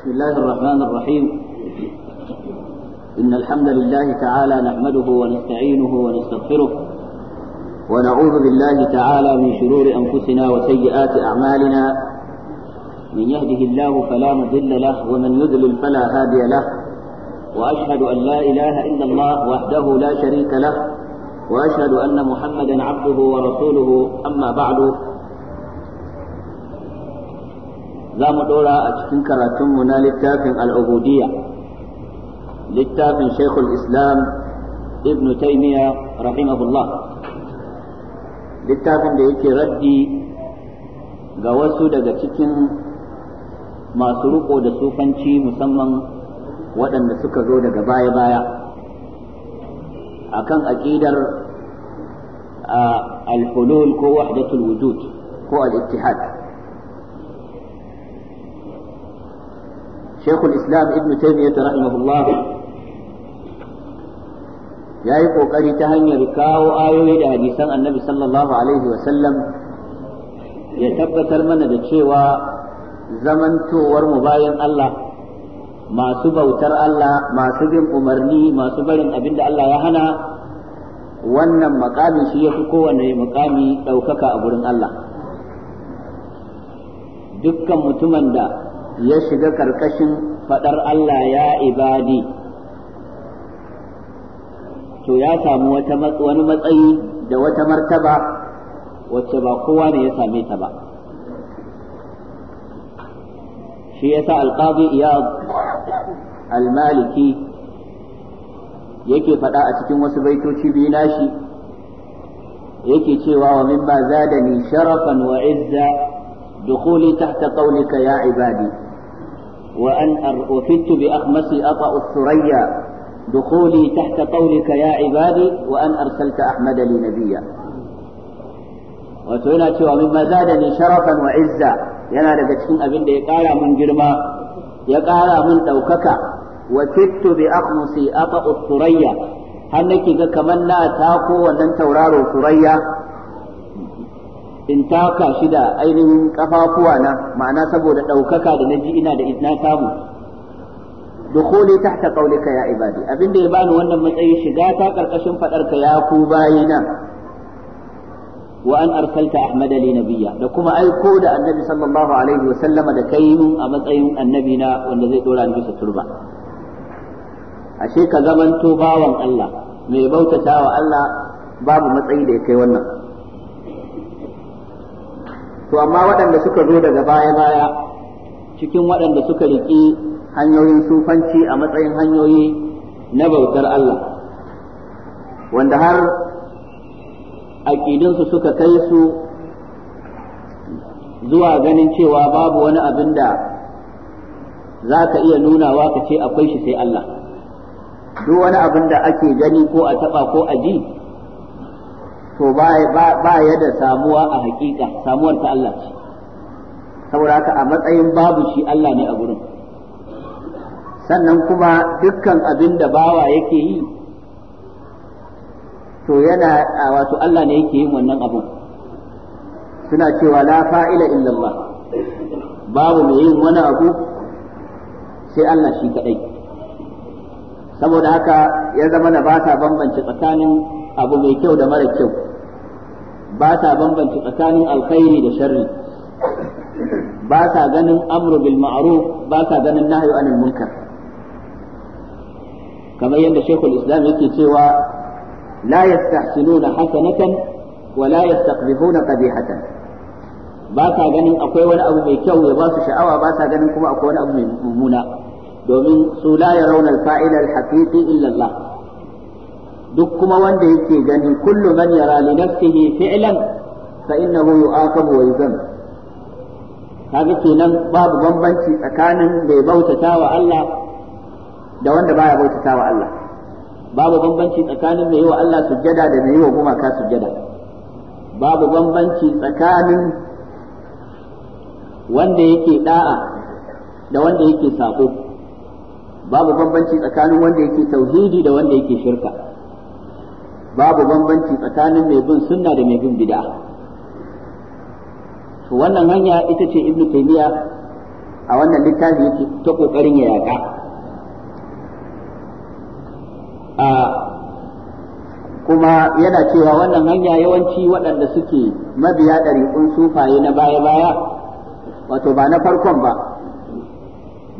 بسم الله الرحمن الرحيم إن الحمد لله تعالى نحمده ونستعينه ونستغفره ونعوذ بالله تعالى من شرور أنفسنا وسيئات أعمالنا من يهده الله فلا مضل له ومن يضلل فلا هادي له وأشهد أن لا إله إلا الله وحده لا شريك له وأشهد أن محمدا عبده ورسوله أما بعد za mu ɗora a cikin karatunmu na littafin al'ubudiyya littafin shaikhul islam ibn taymiya rahimahullah littafin da yake raddi ga wasu daga cikin masu riko da sufanci musamman waɗanda suka zo daga baya-baya akan aƙidar al ko wahdatul wujud ko al-ittihad shekul islam ibn taymiyyah rahimahullah ya yi kokari ta hanyar kawo ayoyi da hadisan annabi sallallahu ya tabbatar mana da cewa zamantowar mu bayan Allah masu bautar Allah masu bin umarni masu barin abin da Allah ya hana wannan makamin shi ya fi kowane makami ɗaukaka a gurin Allah dukkan mutuman da ya shiga karkashin faɗar Allah ya ibadi to ya samu wani matsayi da wata martaba wacce ba kowa ne ya same ta ba shi yasa alqadi iyad al-maliki yake faɗa a cikin wasu baitoci biyu nashi yake cewa wa da ni sharafan wa izza dukhuli tahta qawlika ya ibadi وأن أفدت بأخمس أطأ الثريا دخولي تحت قولك يا عبادي وأن أرسلت أحمد لي نبيا وتونا cewa زادني شرفا وعزا yana daga cikin abin da ya kara mun girma ya ƙara mun ɗaukaka wa kittu bi akhmusi aba turayya har nake ga kamar na tako wannan tauraro turayya in taka shi da ainihin kafafuwa na ma'ana saboda ɗaukaka da na ji ina da na samu dukhuli tahta qawlika ya ibadi abinda ya bani wannan matsayi shiga ta karkashin fadar ka ya ku bayina wa an arsalta ahmada li nabiyya da kuma aiko da annabi sallallahu alaihi wa sallama da kai a matsayin annabi na wanda zai dora ni bisa turba ashe ka zamanto bawan Allah mai bautata wa Allah babu matsayi da ya kai wannan to amma waɗanda suka zo daga baya baya cikin waɗanda suka riƙi hanyoyin sufanci a matsayin hanyoyi na bautar Allah wanda har aƙidinsu suka kai su zuwa ganin cewa babu wani abin da za ka iya nunawa ka ce akwai shi sai Allah duk wani abin da ake gani ko a taɓa ko a ji to ba ya da samuwa a hakika samuwar ta Allah ce saboda haka a matsayin babu shi Allah ne a gurin sannan kuma dukkan abin da bawa yake yi to yana wato Allah ne yake yin wannan abin suna cewa la fa'ila illallah babu mai yin wani abu sai Allah shi kaɗai. saboda haka ya zama na ba sa bambance tsakanin abu mai kyau da mara kyau ba ta bambanci tsakanin alkhairi da sharri ba ta ganin amru bil ma'ruf ba ta ganin nahyu anil munkar kamar yadda shekul islam yake cewa la yastahsinuna hasanatan wa la yastaqbihuna qabihatan ba ta ganin akwai wani abu mai kyau ya ba su sha'awa ba ta ganin kuma akwai wani abu mai mummuna domin su la yarawna al fa'ila al haqiqi illa Allah duk kuma wanda yake gani kullu man yara li nafsihi fi'lan fa innahu yu'aqabu wa yuzam kaga kenan babu bambanci tsakanin bai bautata wa Allah da wanda baya bautata wa Allah babu bambanci tsakanin mai yi wa Allah sujjada da mai yi wa gumaka sujjada babu bambanci tsakanin wanda yake da'a da wanda yake sako babu bambanci tsakanin wanda yake tauhidi da wanda yake shirka babu bambanci tsakanin mai bin sunna da mai bin bid'a to wannan hanya ita ce ibnu taymiya a wannan littafi yake ta kokarin ya yaka a kuma yana cewa wannan hanya yawanci waɗanda suke mabiya ɗariƙun sufaye na baya-baya wato ba na farkon ba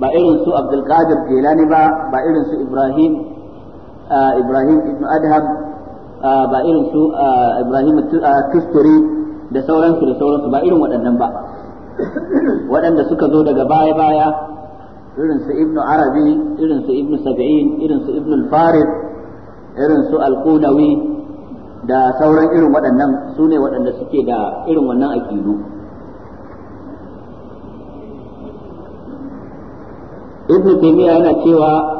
ba irin su abdulkadir gelani ba ba irin su ibrahim ibrahim ibn adham ba irin su Ibrahim Tusturi da sauransu da sauransu ba irin waɗannan ba waɗanda suka zo daga baya baya irin su Ibn Arabi irin su Ibn Sab'in irin su Ibn Farid irin su Al-Qunawi da sauran irin waɗannan su ne waɗanda suke da irin wannan aƙidu Ibn Taymiyyah yana cewa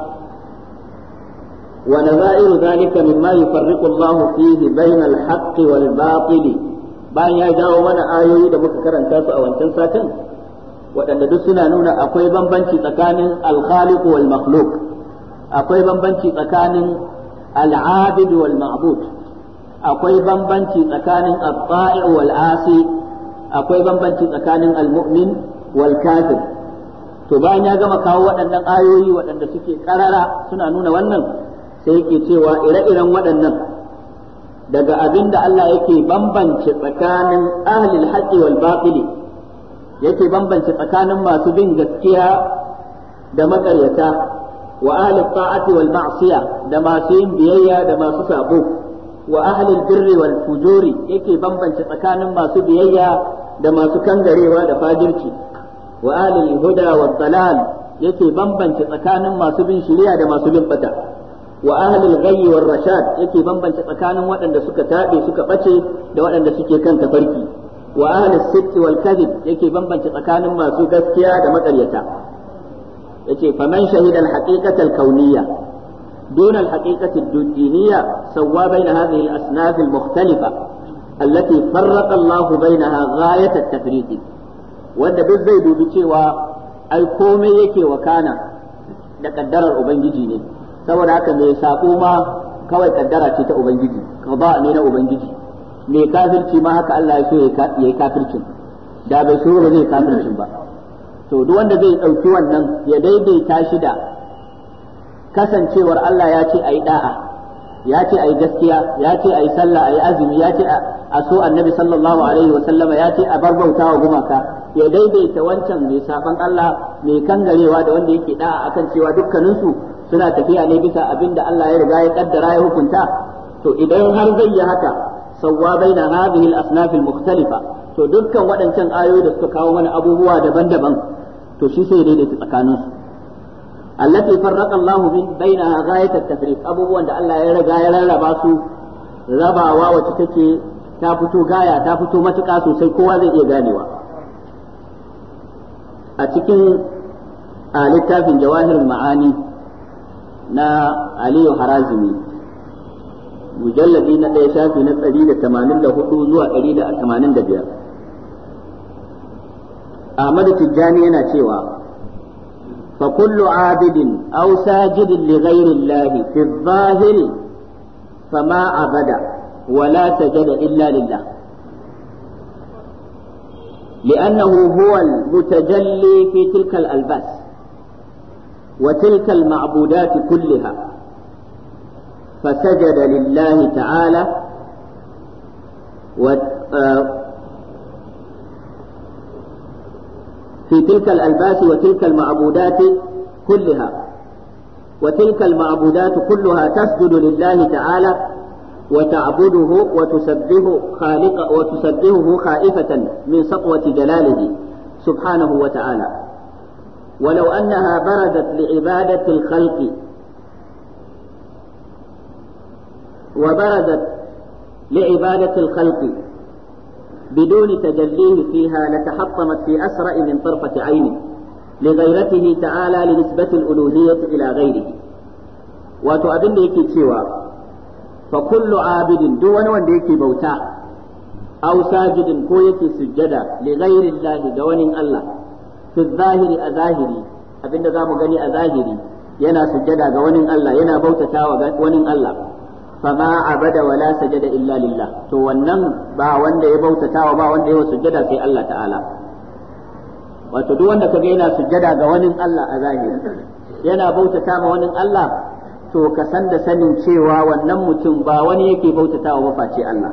ونظائر ذلك مما يفرق الله فيه بين الحق والباطل bayan ya jawo mana ayoyi da muka karanta su a wancan satin waɗanda duk suna nuna akwai bambanci tsakanin alkhaliq wal makhluq akwai bambanci tsakanin al'abid wal ma'bud akwai bambanci tsakanin at-ta'i wal asi akwai bambanci tsakanin al-mu'min wal kafir to bayan ya gama kawo waɗannan ayoyi waɗanda suke karara suna nuna wannan sai yake cewa ire-iren waɗannan daga abin da Allah yake bambance tsakanin ahlil haqqi wal batili yake bambance tsakanin masu bin gaskiya da maƙaryata wa ahlil ta'ati wal ma'siya da masu yin biyayya da masu sabo wa ahlil birri wal fujuri yake bambance tsakanin masu biyayya da masu kangarewa da fajirci wa ahlil huda wal dalal yake bambance tsakanin masu bin shari'a da masu bin bata wa ahlul ghayyi war rashad yake bambanta tsakanin waɗanda suka tabe suka bace da waɗanda suke kan tafarki wa ahlus sitt wal kadhib yake bambanta tsakanin masu gaskiya da makaryata yace faman shahida al haqiqata al kauniyya دون الحقيقة الدينية سوى بين هذه الأصناف المختلفة التي فرق الله بينها غاية التفريق wanda duk zai dubi cewa ai komai yake wakana da kaddarar ubangiji ne saboda haka mai sako ma kawai kaddara ce ta ubangiji qada ne na ubangiji mai kafirci ma haka Allah ya so ya yi kafircin da bai so ba zai kafircin ba to duk wanda zai ɗauki wannan ya daidaita shi da kasancewar Allah ya ce ayi ɗa'a. ya ce ai gaskiya ya ce ai sallah ayi azumi ya ce a so annabi sallallahu alaihi wa sallama ya ce a bar bautawa gumaka ya daidaita wancan mai saban Allah mai kangarewa da wanda yake da'a akan cewa dukkaninsu suna tafiya ne bisa abin da Allah ya riga ya kaddara ya hukunta to idan har zai yi haka sawwa baina hadhihi al-asnaf al-mukhtalifa to dukkan waɗancan ayoyi da suka kawo mana abubuwa daban-daban to shi sai daidaita tsakaninsu A farraqa Allahu min bainaha ghayat at-tafriq abubuwan da Allah ya riga ya rarraba su rabawa wacce take ta fito gaya ta fito matuƙa sosai kowa zai iya ganewa a cikin a littafin jawahirul ma'ani na Aliyu Harazimi mujalladi na ɗaya shafi na 184 zuwa 185 Ahmadu Tijjani yana cewa فكل عابد أو ساجد لغير الله في الظاهر فما عبد ولا سجد إلا لله لأنه هو المتجلي في تلك الألباس وتلك المعبودات كلها فسجد لله تعالى و آه، في تلك الألباس وتلك المعبودات كلها وتلك المعبودات كلها تسجد لله تعالى وتعبده وتسبه خالق وتسبهه خائفة من سطوة جلاله سبحانه وتعالى ولو أنها برزت لعبادة الخلق وبرزت لعبادة الخلق بدون تجليه فيها لتحطمت في أسرع من طرفة عين لغيرته تعالى لنسبة الألوهية إلى غيره وتؤذن لك سوى فكل عابد دون ونديك بوتا أو ساجد كويك سجدا لغير الله دون الله في الظاهر أظاهري أبن ذا غني أظاهري ينا سجدا دون الله ينا بوتا وغني الله fama abada wala sajada illa lillah to wannan ba wanda ya bautatawa ba wanda ya sujjada sai Allah ta'ala wato duk wanda kaga yana sujjada ga wani Allah a zahiri yana bautata ma wani Allah to ka san da sanin cewa wannan mutum ba wani yake bautatawa wa mafaci Allah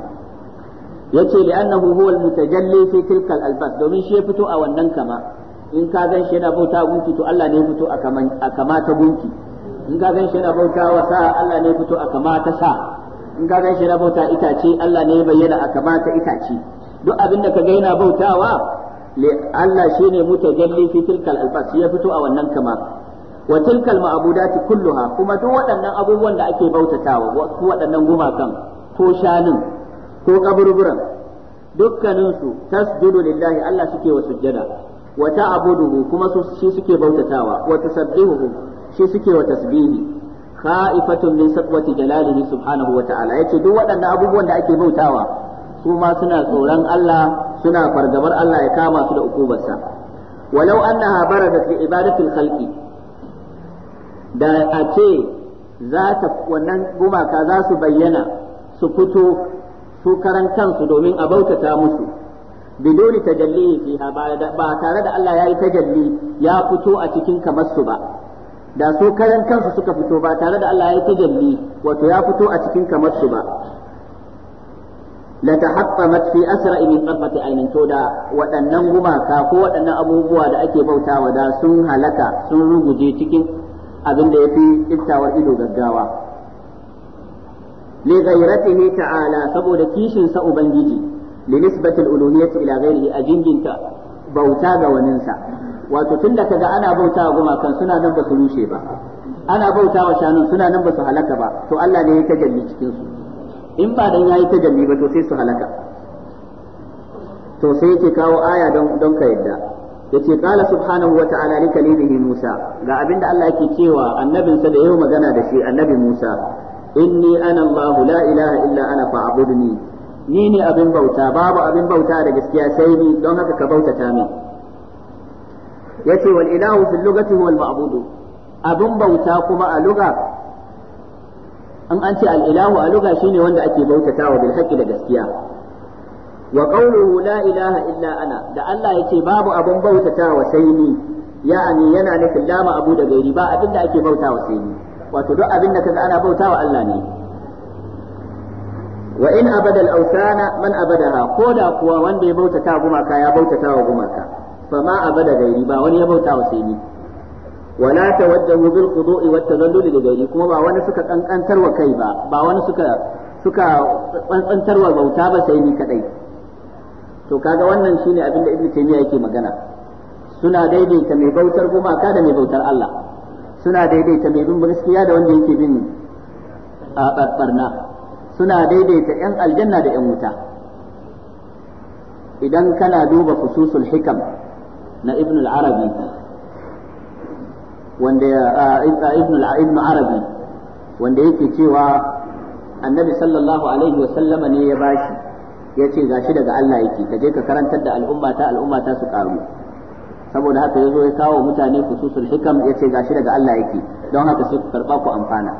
yace li'annahu huwa al-mutajalli fi tilka al-albas domin shi ya fito a wannan kama in ka gan shi yana bauta gunki to Allah ne ya fito a kama ta gunki in ka gan shi bauta wasa, Allah ne fito a kamata sa in ka gan shi bauta itace Allah ne bayyana a kamata itace duk abin da ka ga yana bautawa Allah shine mutajalli fi tilkal albas, ya fito a wannan kama wa tilkal ma'budati kulluha kuma duk waɗannan abubuwan da ake bautatawa ko waɗannan gumakan ko shanun ko kaburburan dukkaninsu tasjudu lillahi Allah suke wa sujjada wa ta'buduhu kuma su suke bautatawa wa tasabbihuhu shi suke wa tasbihi khaifatun min saqwati jalalihi subhanahu wa ta'ala yace duk waɗannan abubuwan da ake bautawa su ma suna tsoron Allah suna fargabar Allah ya kama su da ukubarsa walau annaha baradat li ibadatil khalqi da a ce za ta wannan gumaka za su bayyana su fito su karan kansu domin a bautata musu bidoni tajalli fiha ba tare da Allah ya yi tajalli ya fito a cikin kamar su ba da su karan kansu suka fito ba tare da Allah ya tajalli wato ya fito a cikin kamar su ba latahaqqamat fi asra min tarfati aynin to da waɗannan gumaka ko waɗannan abubuwa da ake bautawa da sun halaka sun ruguje cikin abin da yafi iftawar ido gaggawa li ghayratihi ta'ala saboda kishin sa ubangiji li nisbati al-uluhiyyati ila ghayrihi ajinginta bauta ga waninsa wato tun da kaga ana bauta wa gumakan suna nan ba su rushe ba ana bauta wa shanun suna nan ba su halaka ba to Allah ne ya tajalli cikin su in ba dan yayi tajalli ba to sai su halaka to sai yake kawo aya don don ka yadda yace qala subhanahu wa ta'ala li kalimihi Musa ga abinda Allah yake cewa annabinsa da yau magana da shi annabi Musa inni ana Allah la ilaha illa ana fa'budni ni ne abin bauta babu abin bauta da gaskiya sai ni don haka ka bautata min yace wal ilahu fil lugati huwa al ma'bud abun bauta kuma a lugha an an ce al ilahu a lugha shine wanda ake bautatawa bil haqqi da gaskiya wa qawluhu la ilaha illa ana da Allah yace babu abun bautatawa sai ni ya ani yana nufin la abu da gairi ba abin da ake bautawa sai ni wato duk abin da kaga ana bautawa Allah ne wa in abada al-awthana man abadaha ko da kuwa wanda ya bautata gumaka ya bautata wa gumaka fama abada gairi ba wani ya bauta wa sai ni wala tawajjahu bil qudu'i wat tadallul li gairi kuma ba wani suka kankantar wa kai ba ba wani bauta ba sai ni to kaga wannan shine abin da ibnu taymiya yake magana suna daidaita mai bautar gumaka da mai bautar Allah suna daidaita mai bin gaskiya da wanda yake bin a barna suna daidaita yan aljanna da yan wuta idan kana duba fususul hikam na ibn al-arabi wanda ibn al-ibn arabi wanda yake cewa annabi sallallahu alaihi wa sallama ne ya bashi yace gashi daga Allah yake ka je ka karantar da al'umma ta al'umma ta su karu saboda haka yazo ya kawo mutane kususul hikam yace gashi daga Allah yake don haka sai ku karba ku amfana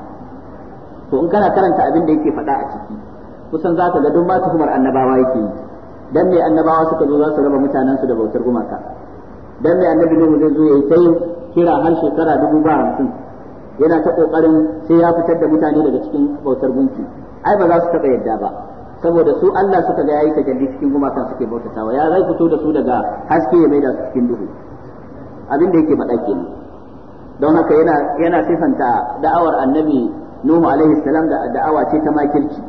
to in kana karanta abin da yake faɗa a ciki kusan za ka ga duk ba tuhumar annabawa yake yi dan me annabawa suka zo za su raba mutanensu da bautar gumaka dan mai annabi Nuhu zai zo yayi yi kira har shekara dubu ba hamsin yana ta kokarin sai ya fitar da mutane daga cikin bautar gunki ai ba za su taɓa yadda ba saboda su Allah suka ga yayi tajalli cikin gumakan suke bautatawa ya zai fito da su daga haske ya maida su cikin duhu abin da yake faɗa kenan don haka yana yana sifanta da'awar annabi Nuhu alaihi salam da da'awa ce ta makirci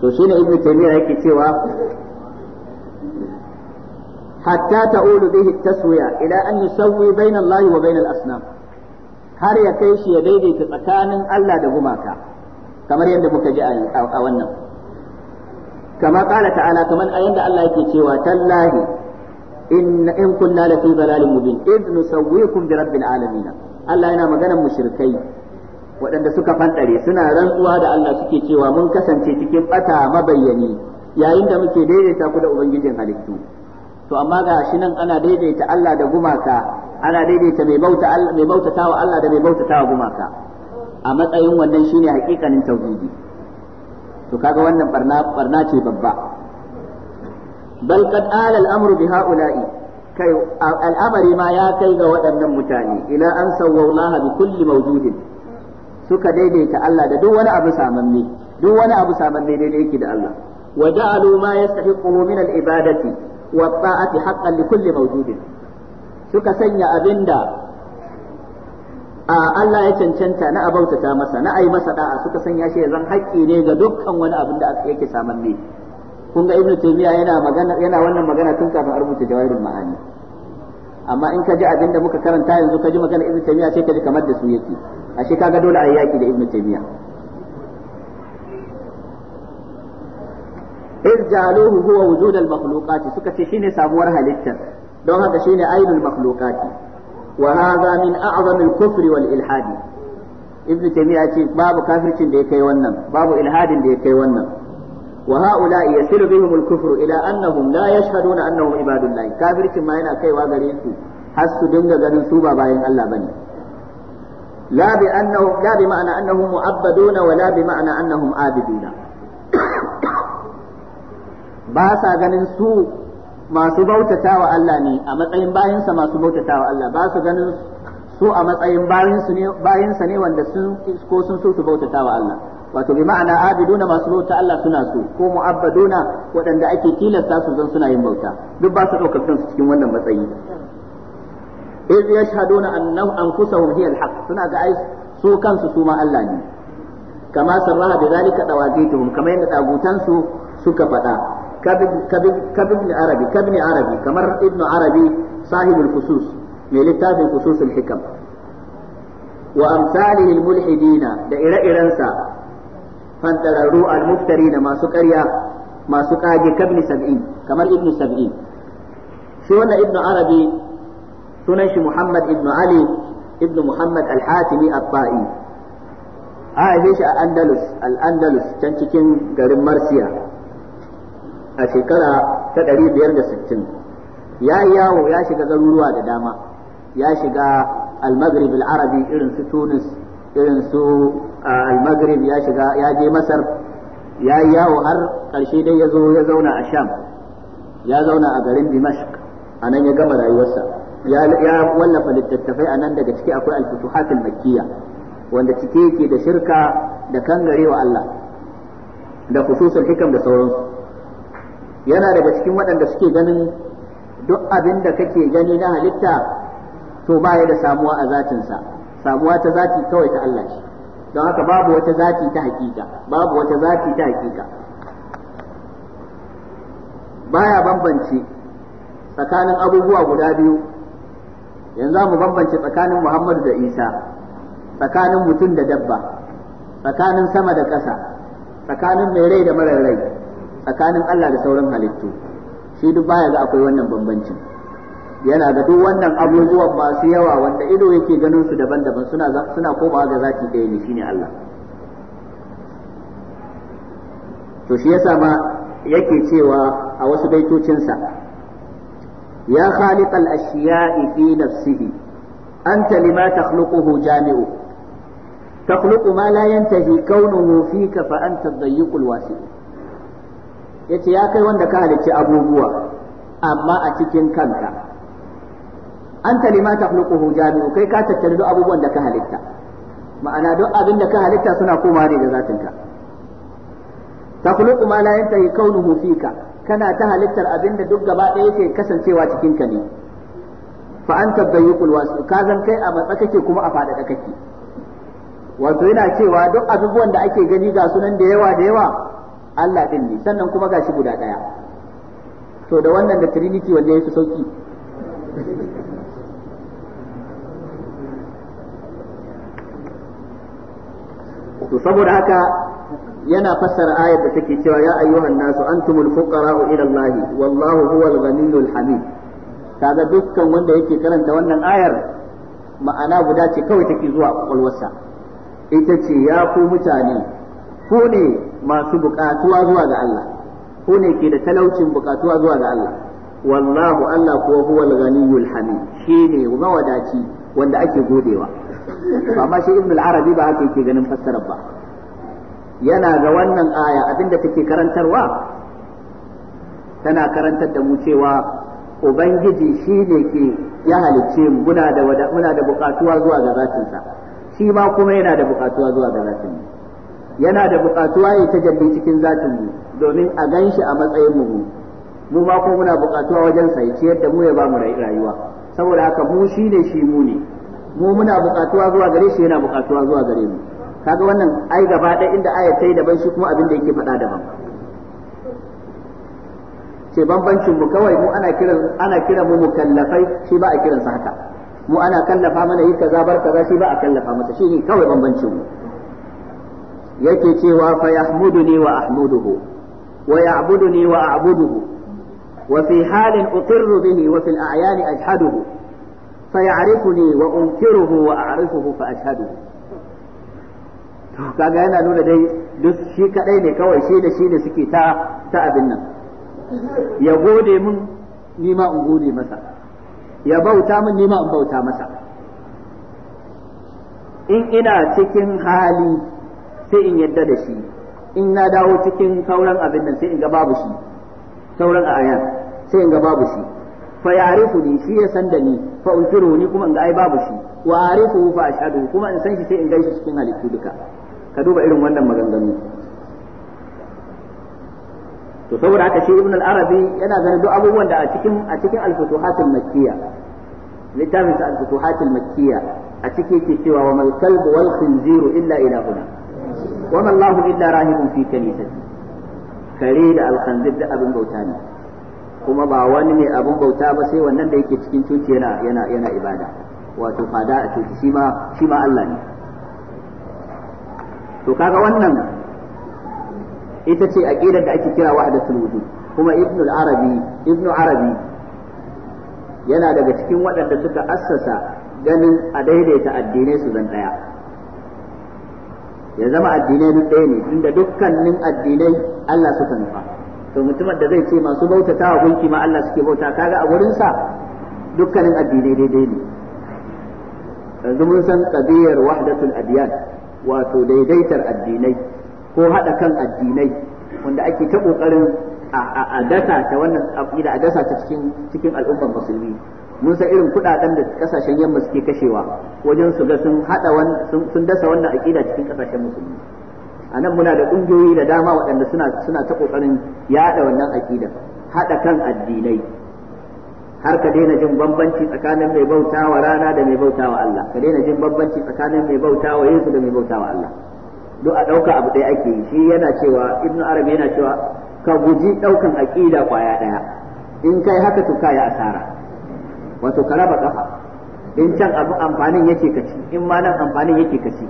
to shine ibnu taymiya yake cewa hatta ta'ulu bihi taswiya ila an yusawwi bayna Allah wa bayna al-asnam har ya kai shi ya daidaita tsakanin Allah da gumaka kamar yadda muka ji a wannan kama qala ta'ala kaman ayan da Allah yake cewa tallahi in in kunna lafi dhalalin mubin idh nusawwikum bi rabbil alamin Allah yana maganar mushrikai waɗanda suka fanɗare suna rantsuwa da Allah suke cewa mun kasance cikin bata mabayyani yayin da muke daidaita ku da ubangijin halittu to amma ga shi nan ana daidaita Allah da gumaka ana daidaita mai bauta mai Allah da mai bautatawa gumaka a matsayin wannan shine hakikanin tauhidi to kaga wannan barna ce babba bal qad ala al-amru bi ha'ula'i kai al'amari ma ya kai ga waɗannan mutane ila an Allah bi kulli mawjudin suka daidaita Allah da duk wani abu samamme duk wani abu samamme daidai yake da Allah wa ja'alu ma yastahiqu min al-ibadati wa ta'ati haqqan li kulli mawjudin suka sanya abinda a Allah ya cancanta na abautata masa na ai masa da'a suka sanya shi zan haƙƙi ne ga dukkan wani abin da yake samamme kun ga ibnu taymiya yana magana yana wannan magana tun kafin a rubuta jawahirul ma'ani amma in ka ji abinda muka karanta yanzu ka ji magana ibnu taymiya sai ka ji kamar da su yake ashe kaga dole a yaki da ibnu taymiya iz jaluhu huwa wujud al makhluqati suka ce shine samuwar halittar don haka shine ainul makhluqati wa hadha min a'zam al kufri wal ilhadi ibnu taymiya ce babu kafircin da ya kai wannan babu ilhadin da ya kai wannan وهؤلاء يصل بهم الكفر إلى أنهم لا يشهدون أنهم عباد الله كافر ما ينا كي وغريسو حسو دنجا غنسوبا باين الله بني لا بأنه لا بمعنى أنهم مؤبدون ولا بمعنى أنهم عابدون باسا ganin su masu bautatawa Allah ne a matsayin bayinsa masu bautatawa Allah ba ganin su a matsayin bayinsu ne ne wanda ko sun so su bautatawa Allah wato bi ma'ana abiduna masu bauta Allah suna so ko mu'abbaduna waɗanda ake tilasta su zan suna yin bauta duk ba su ɗaukar kansu cikin wannan matsayi iz yashhaduna annahum kusa hiya alhaq suna ga ai su kansu suma Allah ne kama sarraha bi zalika dawaqituhum kamar yadda dagutan su suka faɗa kabin arabi kabin kamar ibnu arabi sahibul kusus mai littafin kususul hikam wa amsalihi mulhidina da ire-irensa fantararru al-muftarina masu ƙarya masu kage kabin kamar ibnu ibnu sunan shi Muhammad ibn Ali ibn Muhammad al-Hatimi al-Ba'i a haife shi a Andalus al-Andalus can cikin garin Marsiya a shekara ta 560 ya yi yawo ya shiga garuruwa da dama ya shiga al-Maghrib al-Arabi irin su Tunis irin su al-Maghrib ya shiga ya je Masar ya yi yawo har ƙarshe dai ya zo ya zauna a Sham ya zauna a garin Dimashq a nan ya gama rayuwarsa ya wallafa littattafai a nan daga ciki akwai al-futuhat al wanda cike yake da shirka da wa Allah da khususul hikam da sauransu yana daga cikin waɗanda suke ganin duk abin da kake gani na halitta to baya da samuwa a zatinsa samuwa ta zati kawai ta Allah shi don haka babu wata zati ta hakika babu wata zati ta hakika baya bambance tsakanin abubuwa guda biyu yanzu za mu bambance tsakanin Muhammadu da Isa tsakanin mutum da dabba tsakanin sama da ƙasa tsakanin mai rai da marar rai tsakanin Allah da sauran halittu shi duk baya ga akwai wannan bambancin yana ga duk wannan abubuwan masu yawa wanda ido yake ganin su daban-daban suna suna komawa ga zaki ɗaya ne shine Allah to shi yasa ma yake cewa a wasu baitocinsa يا خالق الأشياء في نفسه أنت لما تخلقه جامع تخلق ما لا ينتهي كونه فيك فأنت الضيق الواسع yace ya kai wanda ka halicci abubuwa amma a cikin kanka anta lima takhluquhu jami'u kai ka tattari duk abubuwan da ka halitta ma'ana duk abin da ka halitta suna komawa ne da zatinka takhluqu ma la yantahi kaunuhu fika kana ta halittar abinda duk gaba ɗaya yake kasancewa cikin ka ne fa anta dayyuqul wasu ka zan kai a matsa kake kuma a fada kake wato yana cewa duk abubuwan da ake gani ga sunan da yawa da yawa Allah din ne sannan kuma gashi guda ɗaya to da wannan da trinity wanda ya fi sauki to saboda haka yana fassara ayar da take cewa ya ayyuhan nasu antumul fuqara'u ila Allah wallahu huwal ghaniyyul hamid kaga dukkan wanda yake karanta wannan ayar ma'ana guda ce kawai take zuwa kwakwalwarsa ita ce ya ku mutane ku ne masu bukatuwa zuwa ga Allah ku ne ke da talaucin bukatuwa zuwa ga Allah wallahu Allah kuwa huwal ghaniyyul hamid shine mawadaci wanda ake godewa amma shi ibn al-arabi ba ake ganin fassarar ba yana ga wannan aya abinda take karantarwa tana karantar da mu cewa ubangiji shi ne ke ya halicce mu muna da muna da bukatuwa zuwa ga zatinsa shi ma kuma yana da bukatuwa zuwa ga zatin yana da bukatuwa ya tajalli cikin zatin mu domin a ganshi a matsayin mu mu ma kuma muna bukatuwa wajen sa ya ciyar da mu ya ba mu rayuwa saboda haka mu shi ne shi mu ne mu muna bukatuwa zuwa gare shi yana bukatuwa zuwa gare mu kaga wannan ai gaba ɗaya inda aya ta daban shi kuma abin da yake faɗa daban ce bambancin mu kawai mu ana kiran ana kiran mu mukallafai shi ba a kiran sa haka mu ana kallafa mana yi kaza bar kaza shi ba a kallafa mata shi ne kawai bambancin mu yake cewa fa yahmuduni wa ahmuduhu wa ya'buduni wa a'buduhu wa fi halin uqirru bihi wa fil a'yani ajhaduhu فيعرفني وأنكره وأعرفه فأشهده kaga yana nuna dai duk shi kadai ne kawai shi da shi ne suke ta ta abin nan ya gode mun ni ma in gode masa ya bauta mun ni ma in bauta masa in ina cikin hali sai in yadda da shi in na dawo cikin sauran abin nan sai in ga babu shi sauran ayan sai in ga babu shi fa ya'rifu ni shi ya san da ni fa unkiru ni kuma in ga ai babu shi wa arifu fa ashhadu kuma in san shi sai in shi cikin halittu duka ka duba irin wannan maganganu to saboda haka shi ibn al-arabi yana ganin duk abubuwan da a cikin a cikin al-futuhatul makkiyya littafin sa al-futuhatul makkiyya a cikin yake cewa wa mal kalbu wal khinziru illa ilahuna wa ma Allah illa rahibun fi kanisati kare da al-khanzir da abin bauta ne kuma ba wani ne abin bauta ba sai wannan da yake cikin cuci yana yana yana ibada wato fada a cuci shi ma shi ma Allah ne to kaga wannan ita ce aqidar da ake kira wahdatul wujud kuma ibnu arabi ibnu arabi yana daga cikin waɗanda suka assasa ganin a daidaita addinai su zan ɗaya ya zama addinai duk ɗaya ne inda dukkanin addinai Allah suka nufa to mutumin da zai ce masu bautata wa gunki ma Allah suke bauta kaga a wurinsa dukkanin addinai daidai ne yanzu mun san qadiyar wahdatul adyan wato daidaitar addinai ko haɗa kan addinai wanda ake ta ƙoƙarin a dasa ta wannan aƙida a dasa ta cikin cikin al'ummar musulmi mun san irin kuɗaɗen da ƙasashen yamma suke kashewa wajen su ga sun haɗa sun dasa wannan aƙida cikin ƙasashen musulmi a nan muna da ƙungiyoyi da dama waɗanda suna suna ta ƙoƙarin yaɗa wannan aƙida haɗa kan addinai har ka daina jin bambanci tsakanin mai bautawa rana da mai bautawa Allah ka daina jin bambanci tsakanin mai bautawa Yesu da mai bautawa Allah duk a ɗauka abu ɗaya ake yi shi yana cewa ibnu arabi yana cewa ka guji ɗaukan aƙida kwaya ɗaya in kai haka to kai asara wato ka raba kafa in can abu amfanin yake kaci in ma nan amfanin yake kaci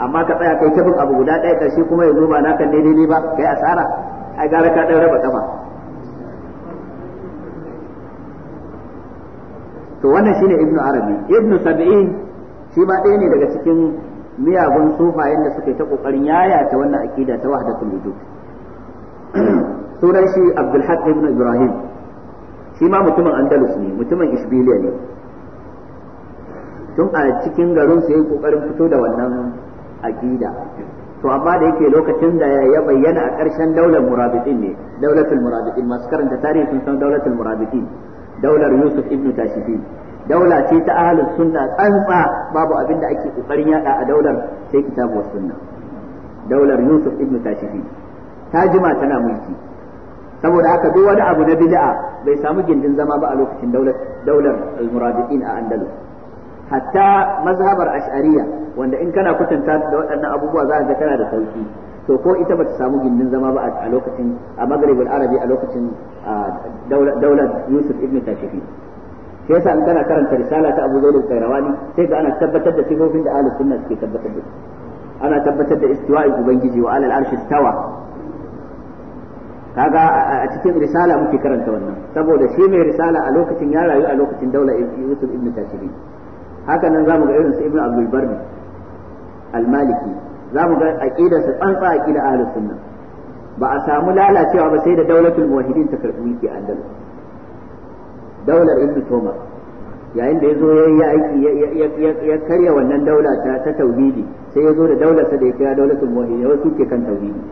amma ka tsaya kai ta abu guda ɗaya ƙarshe kuma ya zo ba naka kan daidai ba kai asara ai gara ka ɗan raba kafa to wannan shine ibnu arabi ibnu sab'in shi ba ɗaya ne daga cikin miyagun sufayen da yi ta kokarin yayata wannan akida ta wahdatul wujud sunan shi abdul haq ibrahim shi ma mutumin andalus ne mutumin ishbiliya ne tun a cikin garin sai kokarin fito da wannan akida to amma da yake lokacin da ya bayyana a ƙarshen daular murabitin ne daulatul murabitin masu karanta tarihi sun san daulatul murabitin daular Yusuf ibn Tashifi daula ce ta ahlus sunna tsantsa babu abin da ake kokarin yada a daular sai kitabu was sunna daular Yusuf ibn Tashifi ta jima tana mulki saboda haka duk wani abu na bid'a bai samu gindin zama ba a lokacin daular daular al-murabbitin a Andalus hatta mazhabar ash'ariya wanda in kana kutanta da waɗannan abubuwa za ka ga tana da sauki to ko ita bata samu gindin zama ba a lokacin a maghribul arabi a lokacin daular yusuf ibn tashifi Sai yasa an kana karanta risala ta abu zaid al sai ga ana tabbatar da sifofin da ahlus sunna suke tabbatar da ana tabbatar da istiwa'i ubangiji wa alal arshi tawa kaga a cikin risala muke karanta wannan saboda shi mai risala a lokacin ya rayu a lokacin daular yusuf ibn tashifi haka nan zamu ga irin su ibn abdul barri al-maliki za mu ga aqidar su tsantsa aqida ahlus sunna ba a samu lalacewa ba sai da daulatul muwahhidin ta karbi mulki a daular Ibn Tomar yayin da yazo yayi aiki ya karya wannan daula ta ta tauhidi sai yazo da daular sa da ya kira daulatul muwahhidin wasu ke kan tauhidi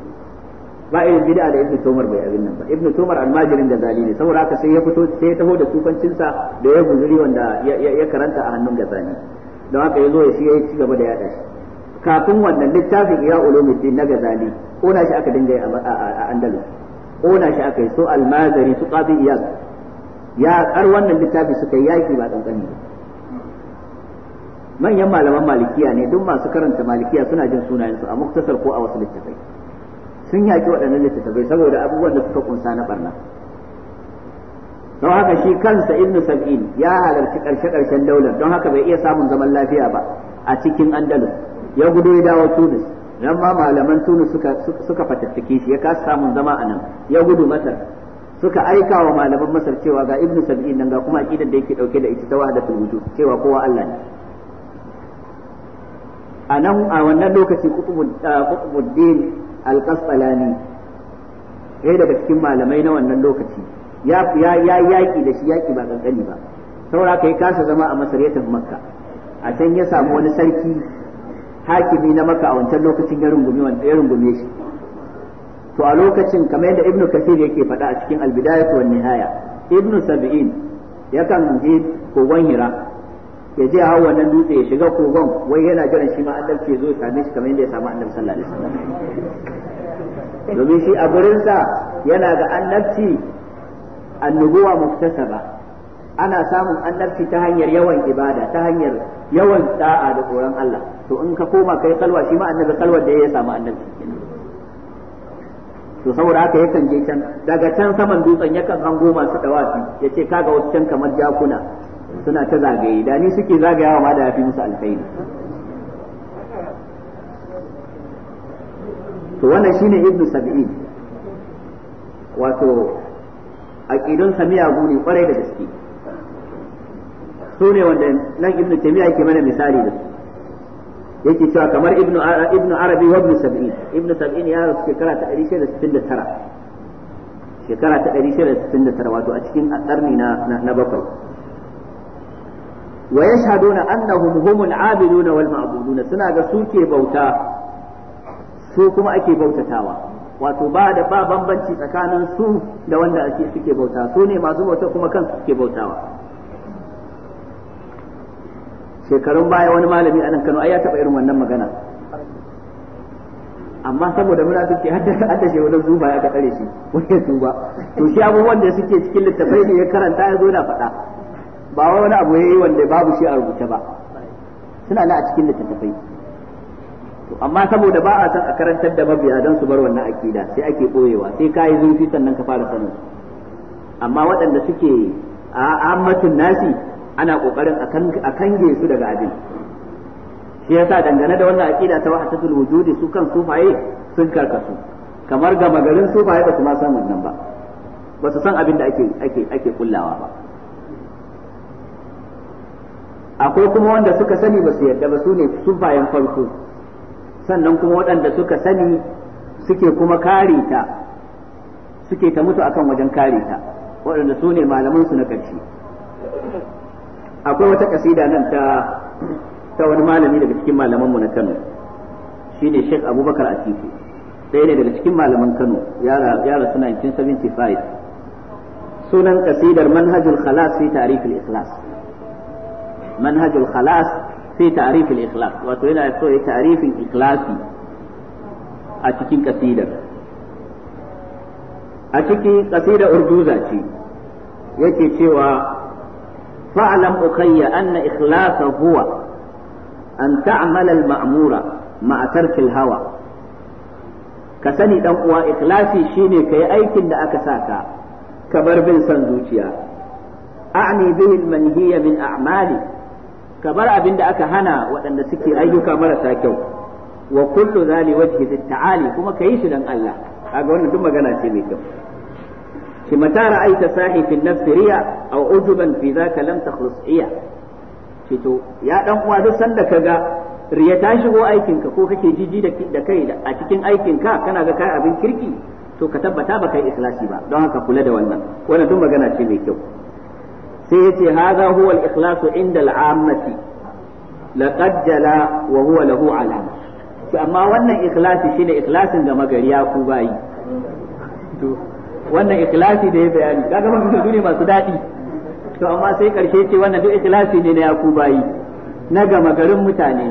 ba irin bid'a da Ibn Tomar bai abin nan ba Ibn Tomar almajirin da zalili saboda haka sai ya fito sai ya taho da tukancin sa da ya guzuri wanda ya karanta a hannun gazani don haka yazo ya shi ya ci gaba da yada shi kafin wannan littafin ya ulumuddin na gazali kona shi aka dinga a andalus kona shi aka yi su almazari su qabi ya kar wannan littafi suka yi yaki ba tsantsani ba manyan malaman malikiya ne duk masu karanta malikiya suna jin sunayensu a muktasar ko a wasu littafai sun yaki waɗannan littattafai saboda abubuwan da suka kunsa na barna don haka shi kansa ibnu sab'in ya halarci ƙarshe-ƙarshen daular don haka bai iya samun zaman lafiya ba a cikin andalus ya gudu ya dawo Tunis nan ma malaman Tunis suka suka fatattake shi ya kasa samun zama a nan ya gudu Masar suka aika wa malaman Masar cewa ga Ibn Sab'in nan ga kuma aqidar da yake dauke da ita ta wahdatul wujud cewa kowa Allah ne a nan a wannan lokaci kutubuddin Al-Qasqalani ɗaya daga cikin malamai na wannan lokaci ya ya yaki da shi yaki ba kankani ba saura kai kasa zama a Masar ya tafi Makka a can ya samu wani sarki hakimi na maka a wancan lokacin ya rungume shi to a lokacin kamar yadda ibnu kasir yake faɗa a cikin albidayat wa nihaya ibnu sab'in kan je kogon hira ya je hawa wannan dutse ya shiga kogon wai yana jiran shi ma annabci ya zo ya same shi kamar yadda ya samu annabi sallallahu alaihi wasallam domin shi a sa yana ga annabci annubuwa muftasaba ana samun annabci ta hanyar yawan ibada ta hanyar yawan da'a da tsoron Allah to in ka koma kai kalwa shi ma annabi kalwar da ya samu annabi to saboda haka yakan je can daga can saman dutsen yakan hango masu dawafi ya ce kaga wasu can kamar jakuna suna ta zagaye da ni suke zagayawa ma da ya musu alkhairi to wannan shine ibnu sab'in wato aqidun samiya guni kwarai da gaske su ne wanda nan ibnu taymiya yake mana misali da su yake cewa kamar ibnu ibnu arabi wa ibnu sab'in ibnu sab'in ya rasu shekara ta 169 shekara ta 169 wato a cikin karni na na bakwai wa yashhaduna annahum humul abiduna wal ma'buduna suna ga suke bauta su kuma ake bautatawa wato ba da ba bambanci tsakanin su da wanda ake suke bauta su ne masu bauta kuma kansu suke bautawa shekarun baya wani malami a nan Kano ai ya taba irin wannan magana amma saboda muna suke hadda shi wani zuba ya tsare shi wani ya zuba to shi abubuwan da suke cikin littafai ne ya karanta ya zo na faɗa ba wani abu yayi wanda babu shi a rubuce ba suna na a cikin littattafai to amma saboda ba a san a karantar da mabiya don su bar wannan akida sai ake boyewa sai ka yi zurfi sannan ka fara sanin amma waɗanda suke a ammatun nasi ana kokarin a kange su daga abin shi yasa dangane da wannan aqida ta wahdatul wujudi su kan sufaye sun karkasu kamar gama garin sufaye ba su ma san wannan ba ba su san abin da ake ake ake kullawa ba akwai kuma wanda suka sani ba su yadda ba su ne sufayen farko sannan kuma waɗanda suka sani suke kuma kare ta suke ta mutu akan wajen kare ta waɗanda su ne malaman su na ƙarshe akwai wata kasida nan ta ta wani malami daga cikin malaman mu na Kano shine Sheikh Abubakar Atiku ɗaya ne daga cikin malaman Kano yara yara suna 1975 sunan kasidar manhajul khalas fi ta'rif ikhlas manhajul khalas fi ta'rif ikhlas wato yana so ya ta'rifin ikhlasi a cikin kasidar a cikin kasida urduza ce yake cewa فاعلم أخي أن إخلاص هو أن تعمل المأمورة مع ترك الهوى كسني دموا إخلاصي شيني كي أيكن لأكساكا كبربن سنزوتيا أعني به المنهي من أعمالي كبر أبن دأك هنا وأن سكي أيك مرسا كو وكل ذلك وجه التعالي كما كيش لن الله أقول لكم مغانا سيبكم متى رأيت ساحي في النفس ريا أو عجبا في ذاك لم ya dan uwa duk sanda kaga riya ta shigo aikinka ko kake jiji da kai a cikin aikin ka kana ga kai abin kirki to ka tabbata ba kai ikhlasi ba don haka kula da wannan wannan duk magana ce mai kyau sai yace hadha huwa al inda al-ammati wa huwa lahu alama amma wannan ikhlasi shine ikhlasin ga magariya ku bayi to wannan ikhlasi da ya bayani kaga maganganu ne masu daɗi to amma sai karshe ce wannan duk ikhlasi ne na yakubayi na gama garin mutane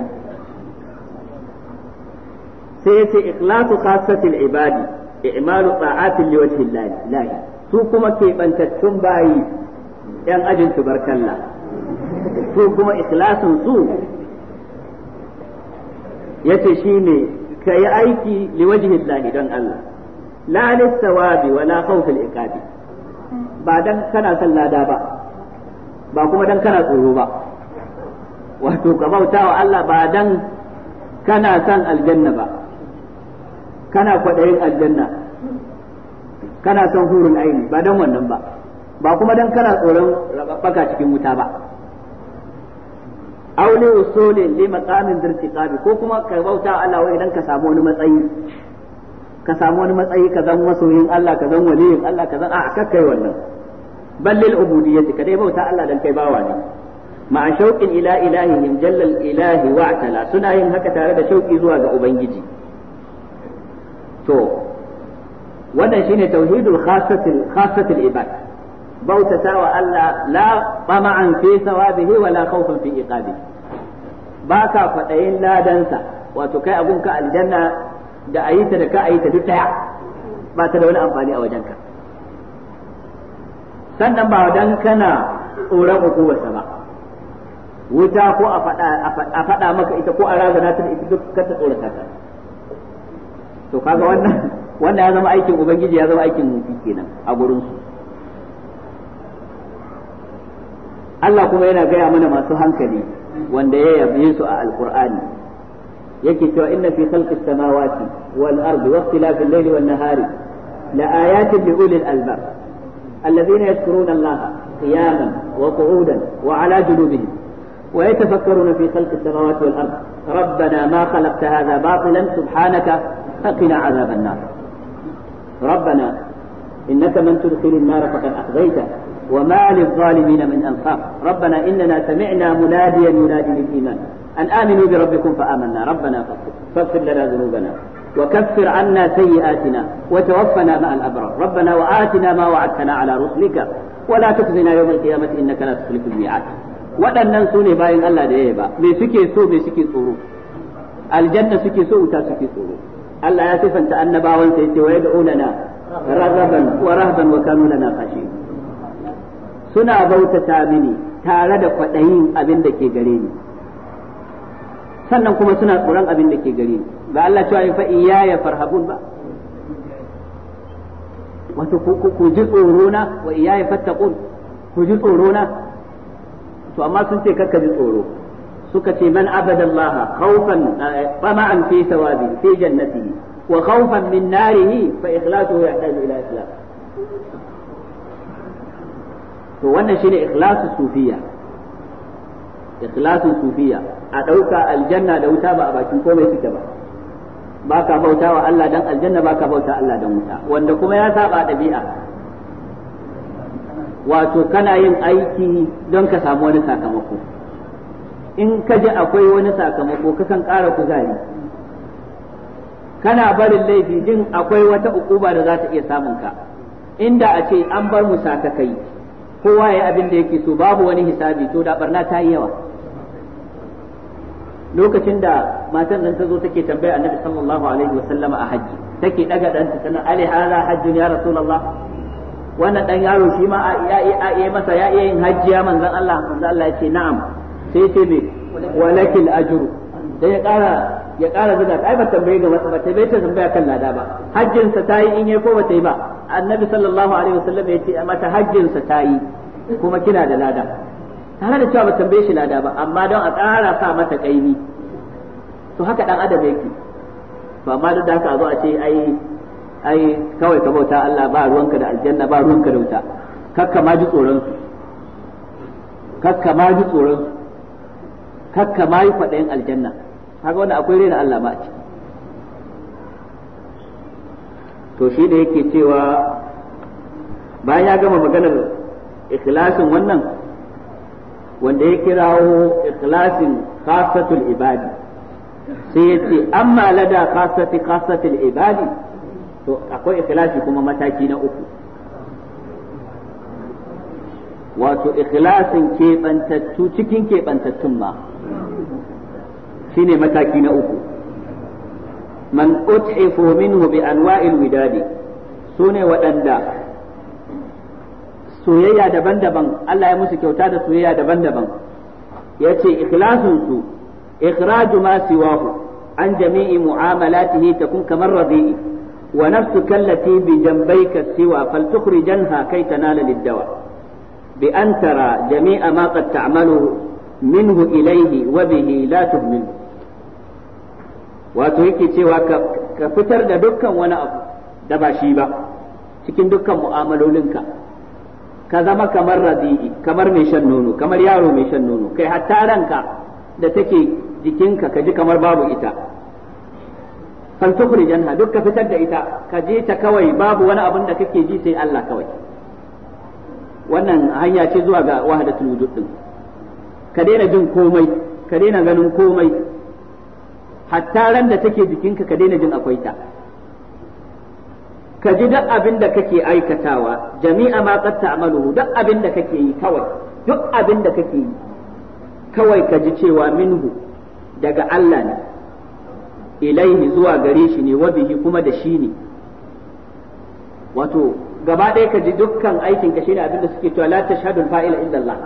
sai ya ce ikhlasu khassatil ibadi i'malu ta'atin liwajhi llahi su kuma keɓantattun bayi yan ajin tubarkalla su kuma ikhlasin su yace shine kayi aiki liwajhi llahi don Allah la lissawabi wa la khawfil iqabi ba dan kana son lada ba ba kuma dan kana tsoro ba wato ka wa Allah ba dan kana son aljanna ba kana kwaɗayin aljanna kana son hurun aini ba dan wannan ba ba kuma dan kana tsoron rababbaka cikin wuta ba aule usulin li maqamin dirtiqabi ko kuma ka bauta Allah wai dan ka samu wani matsayi ka samu wani matsayi ka zan masoyin Allah ka zan waliyin Allah ka zan a kakkai wannan ballil ubudiyyati ka dai bauta Allah dan kai bawa ne ma'a shauqin ila ilahihim jalla ilahi wa ta'ala suna yin haka tare da shauki zuwa ga ubangiji to wannan shine tauhidul khassatil khassatil ibad bautata wa Allah la tama'an fi sawabihi wa la khawfan fi iqabi ba ka fadayin ladansa wato kai abun ka aljanna da a yi ta da ka a yi ta duk daya ba ta da wani amfani a wajenka sannan ba dan kana tsoron hukumarsa ba wuta ko a faɗa maka ita ko a razana ta da ita duk kanta ta tsorata ta to kaga wannan wannan ya zama aikin ubangiji ya zama aikin mutu kenan a gurin su Allah kuma yana gaya mana masu hankali wanda ya yabe su a alkur'ani yake cewa inna fi khalqi samawati wal ardi wa ikhtilafi al-layli wan nahari la ayatin li ulil albab alladhina yadhkuruna allaha qiyaman wa qu'udan wa ala junubihim wa yatafakkaruna fi khalqi samawati wal ardi rabbana ma khalaqta hadha batilan subhanaka faqina adhaban nar rabbana innaka man tudkhilin nar faqad akhzayta وما للظالمين من أنصار ربنا إننا سمعنا مناديا ينادي للإيمان أن آمنوا بربكم فآمنا ربنا فاغفر لنا ذنوبنا وكفر عنا سيئاتنا وتوفنا مع الأبرار ربنا وآتنا ما وعدتنا على رسلك ولا تخزنا يوم القيامة إنك لا تخلف الميعاد waɗannan su ne bayan Allah da ya ba me suke so me suke tsoro aljanna suke so wuta suke tsoro Allah ya sifanta annabawan sai ce wa yad'unana raghaban wa rahban wa kanu lana khashin suna bautata mini tare da kwaɗayin abin da ke gare ni sannan kuma suna tsoron abin da ke gare ni ga Allah cewa ya ya farhabun ba wato ku ji tsoro na wa iyaya fattaqun ku ji tsorona to amma sun ce kakka ji tsoro suka ce man abada Allah khawfan eh, tama'an fi thawabi fi jannatihi wa khawfan min narihi fa ikhlasuhu yahtaju ila islam to wannan shine ikhlasu sufiya ikhlasu sufiya a ɗauka aljanna da wuta ba a bakin komai suke ba ba ka bauta wa Allah dan aljanna ba ka bauta Allah dan wuta wanda kuma ya saba ɗabi'a wato kana yin aiki don ka samu wani sakamako in ka ji akwai wani sakamako kakan ƙara kuzari kana barin laifi din akwai wata ukuba da za ta iya samun ka inda a ce an bar mu kai kowa ya abin da yake so babu wani hisabi to da barna ta yi yawa lokacin da matan nan ta zo take tambaya annabi sallallahu alaihi wa sallama a haji take daga dan ta tana ali hala hajjun ya rasulullah wannan dan yaro shi ma ya iya masa ya iya yin hajji ya manzon Allah manzon Allah ya ce na'am sai ce me walakil ajru sai ya kara ya kara zuga ai ba tambaye ga wata ba ta bai ta tambaya kan lada ba hajjin sa tayi in yayi ko ba ta yi ba annabi sallallahu alaihi wa sallama ya ce mata hajjin sa tayi kuma kina da lada tare da cewa ba tambaye shi lada ba amma don a ƙara sa mata kaimi to haka dan adam yake to amma duk da haka zo a ce ai ai kawai ka bauta Allah ba ruwanka da aljanna ba ruwanka da wuta kakka ma ji tsoron su kakka ma ji tsoron su kakka ma yi fadin aljanna haka wanda akwai raina Allah ma a ciki to shi da yake cewa bayan ya gama maganar ikhlasin wannan wanda ya kirawo ikhlasin khasatul ibadi sai ya ce amma lada khasati khasatul ibadi to akwai ikhlasi kuma mataki na uku wato ikhlasin keɓantattu cikin keɓantattun ma shine mataki na uku man ut'ifu minhu bi anwa'il widadi sune waɗanda soyayya daban-daban Allah ya musu kyauta da soyayya daban-daban yace ikhlasun su ikhraju ma siwahu an jami'i mu'amalatihi takun kamar radi'i wa nafsuka allati bi jambayka siwa faltukhrijanha kay tanala lid-dawa bi an jami'a ma qad ta'maluhu minhu ilayhi wa bihi la tuhminu wato yake cewa ka fitar da dukkan wani abu da ba shi ba cikin dukkan mu'amalolinka ka zama kamar radi'i kamar mai shan nono kamar yaro mai shan nono kai hatta ranka da take jikinka ka ji kamar babu ita fal tukhrijanha duk ka fitar da ita ka je ta kawai babu wani abin da kake ji sai Allah kawai wannan hanya ce zuwa ga wahdatul wujud din ka daina jin komai ka daina ganin komai hatta ran da take jikinka ka daina jin akwai ta ka ji duk abin da kake aikatawa jami'a ma qad ta'malu duk abin da kake yi kawai duk abin da kake yi kawai ka ji cewa minhu daga Allah ne ilaihi zuwa gare shi ne wabihi kuma da shi ne wato gaba ɗaya ka ji dukkan aikin ka shine abin da suke cewa la tashhadul fa'ila illa Allah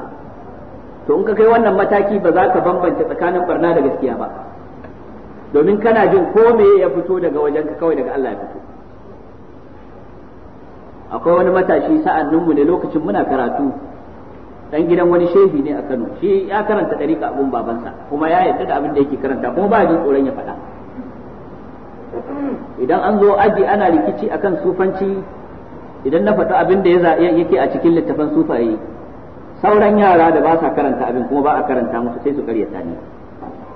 to in ka kai wannan mataki ba za ka bambance tsakanin barna da gaskiya ba domin kana jin ko me ya fito daga wajenka kawai daga Allah ya fito akwai wani matashi mu ne lokacin muna karatu dan gidan wani shehi ne a Kano shi ya karanta dariƙa abun babansa kuma ya yarda da abin da yake karanta kuma ba jin tsoron ya faɗa idan an zo aji ana rikici akan sufanci idan na faɗi abin da yake a cikin littafin sufaye sauran yara da ba sa karanta abin kuma ba a karanta musu sai su karyata ne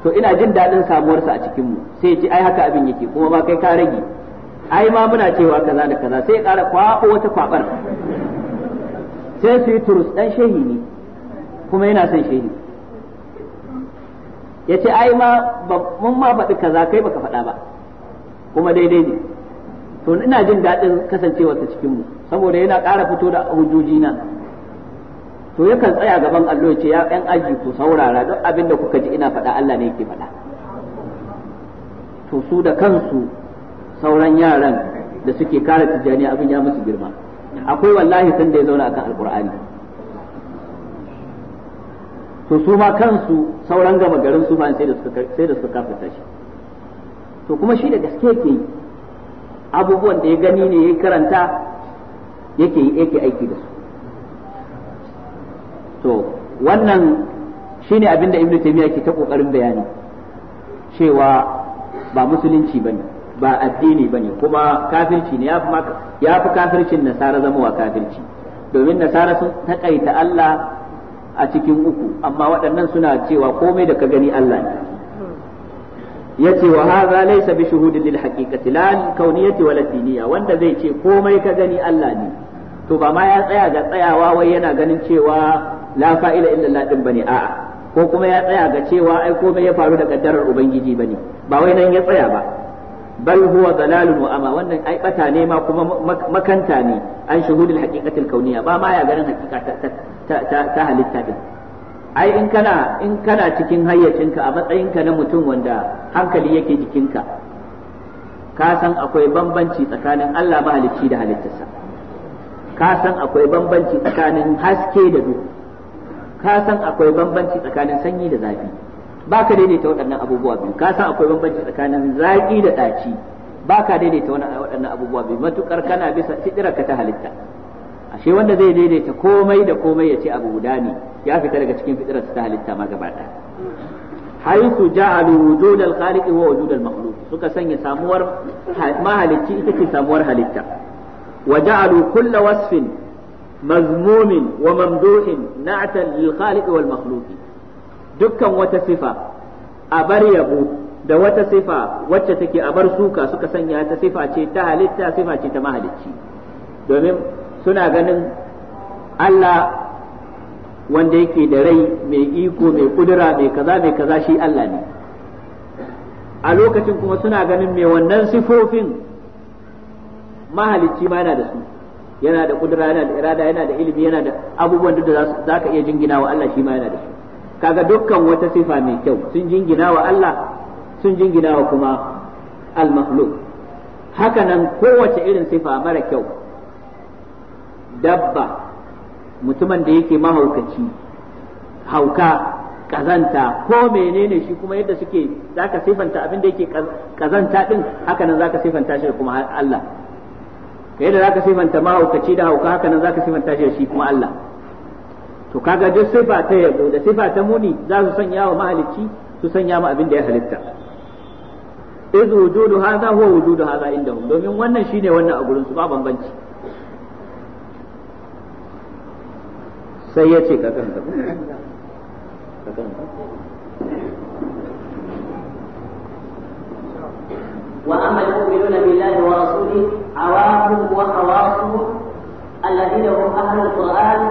to ina jin daɗin samuwarsa a cikinmu sai ya ce ai haka abin yake kuma ba kai ka rage ai ma muna cewa kaza da kaza sai ya kara kwabo wata kwabar sai su yi turus dan shehi ne kuma yana son shehi ya ce ai ma mun ma faɗi kaza kai baka faɗa ba kuma daidai ne to ina jin daɗin ta cikin mu saboda yana kara fito da hujjoji na to yakan tsaya gaban allo ya ce ya ɗan aji ku saurara duk abin da kuka ji ina faɗa Allah ne yake faɗa to su da kansu sauran yaran da suke kare tijjani abin ya musu girma akwai wallahi san da ya zauna akan alqur'ani to su ma kansu sauran gama garin su sai da suka sai da suka kafata shi to kuma shi da gaske yake abubuwan da ya gani ne ya karanta yake yake aiki da su to wannan shine abin da ibnu taymiya ke ta kokarin bayani cewa ba musulunci bane ba addini bane kuma kafirci ne ya fi kafircin nasara zama wa kafirci domin nasara sun taƙaita Allah a cikin uku amma waɗannan suna cewa komai da ka gani Allah ne yace wa hadha laysa bi shuhudin lil haqiqati la al kauniyati wa wanda zai ce komai ka gani Allah ne to ba ma ya tsaya ga tsayawa wai yana ganin cewa la fa'ila illa Allah din bane a'a ko kuma ya tsaya ga cewa ai komai ya faru da kaddarar ubangiji bane ba wai nan ya tsaya ba bal huwa dalalun wa ama wannan ai bata ne ma kuma makanta ne an shuhudul haqiqatil kauniya ba ma ya garin haqiqa ta halitta din ai in kana in kana cikin hayyacinka a matsayinka na mutum wanda hankali yake jikinka ka san akwai bambanci tsakanin Allah mahalicci da halittarsa ka san akwai bambanci tsakanin haske da duhu ka san akwai bambanci tsakanin sanyi da zafi ba ka daidaita waɗannan abubuwa biyu ka san akwai bambanci tsakanin zaƙi da ɗaci ba ka daidaita waɗannan abubuwa biyu matukar kana bisa fitirar ka ta halitta ashe wanda zai daidaita komai da komai ya ce abu guda ne ya fita daga cikin fitirar ta halitta ma gaba haythu ja'alu wujud al-khaliq wa wujud al-makhluq suka sanya samuwar mahalicci ita ce samuwar halitta wa ja'alu kulla wasfin mazmumin wa mamduhin na'tan lil khaliq wal makhluq dukkan wata sifa a bar yabo da wata sifa wacce take a bar suka suka sanya ta sifa ce ta halitta sifa ce ta mahalicci domin suna ganin Allah wanda yake da rai mai iko mai kudura mai kaza mai kaza shi Allah ne a lokacin kuma suna ganin mai wannan sifofin mahalicci ma yana da su yana da kudura yana da irada yana da ilimi yana da abubuwan da za ka iya jingina wa Allah shi ma yana da su kaga dukkan wata sifa mai kyau sun jingina wa Allah sun jingina wa kuma al-makhluq haka nan kowace irin sifa mara kyau dabba mutumin da yake mahaukaci hauka kazanta ko menene shi kuma yadda suke zaka sifanta abin da yake kazanta din haka nan zaka sifanta shi kuma Allah da zaka sifanta mahaukaci da hauka haka nan zaka sifanta shi kuma Allah to kaga duk sifa ta yabo da sifa ta muni za su sanya wa mahalicci su sanya ma abin da ya halitta iz wujudu hadha huwa wujudu hadha indahum domin wannan shine wannan a gurin su ba bambanci sai ya ce ka kanta ka kanta وأما المؤمنون بالله ورسوله عوام وخواصهم الذين هم أهل القرآن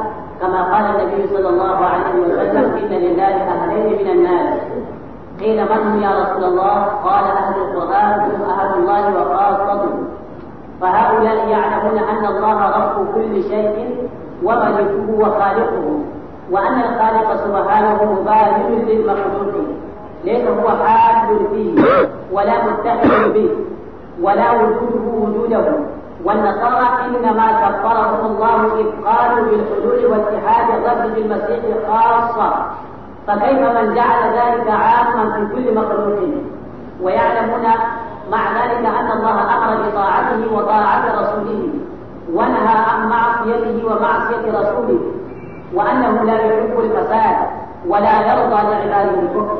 كما قال النبي صلى الله عليه وسلم إن لله أهلين من الناس قيل من هم يا رسول الله قال أهل القرآن هم أهل الله وخاصته فهؤلاء يعلمون أن الله رب كل شيء وملكه وخالقه وأن الخالق سبحانه مبارك للمخلوق ليس هو حاد فيه ولا متحد به ولا وجوده وجوده والنصارى إنما كفرهم الله إذ قالوا بالحلول واتحاد الرب بالمسيح خاصة فكيف من جعل ذلك عاما في كل مخلوق ويعلمون مع ذلك أن الله أمر بطاعته وطاعة رسوله ونهى عن معصيته ومعصية رسوله وأنه لا يحب الفساد ولا يرضى لعباده الكفر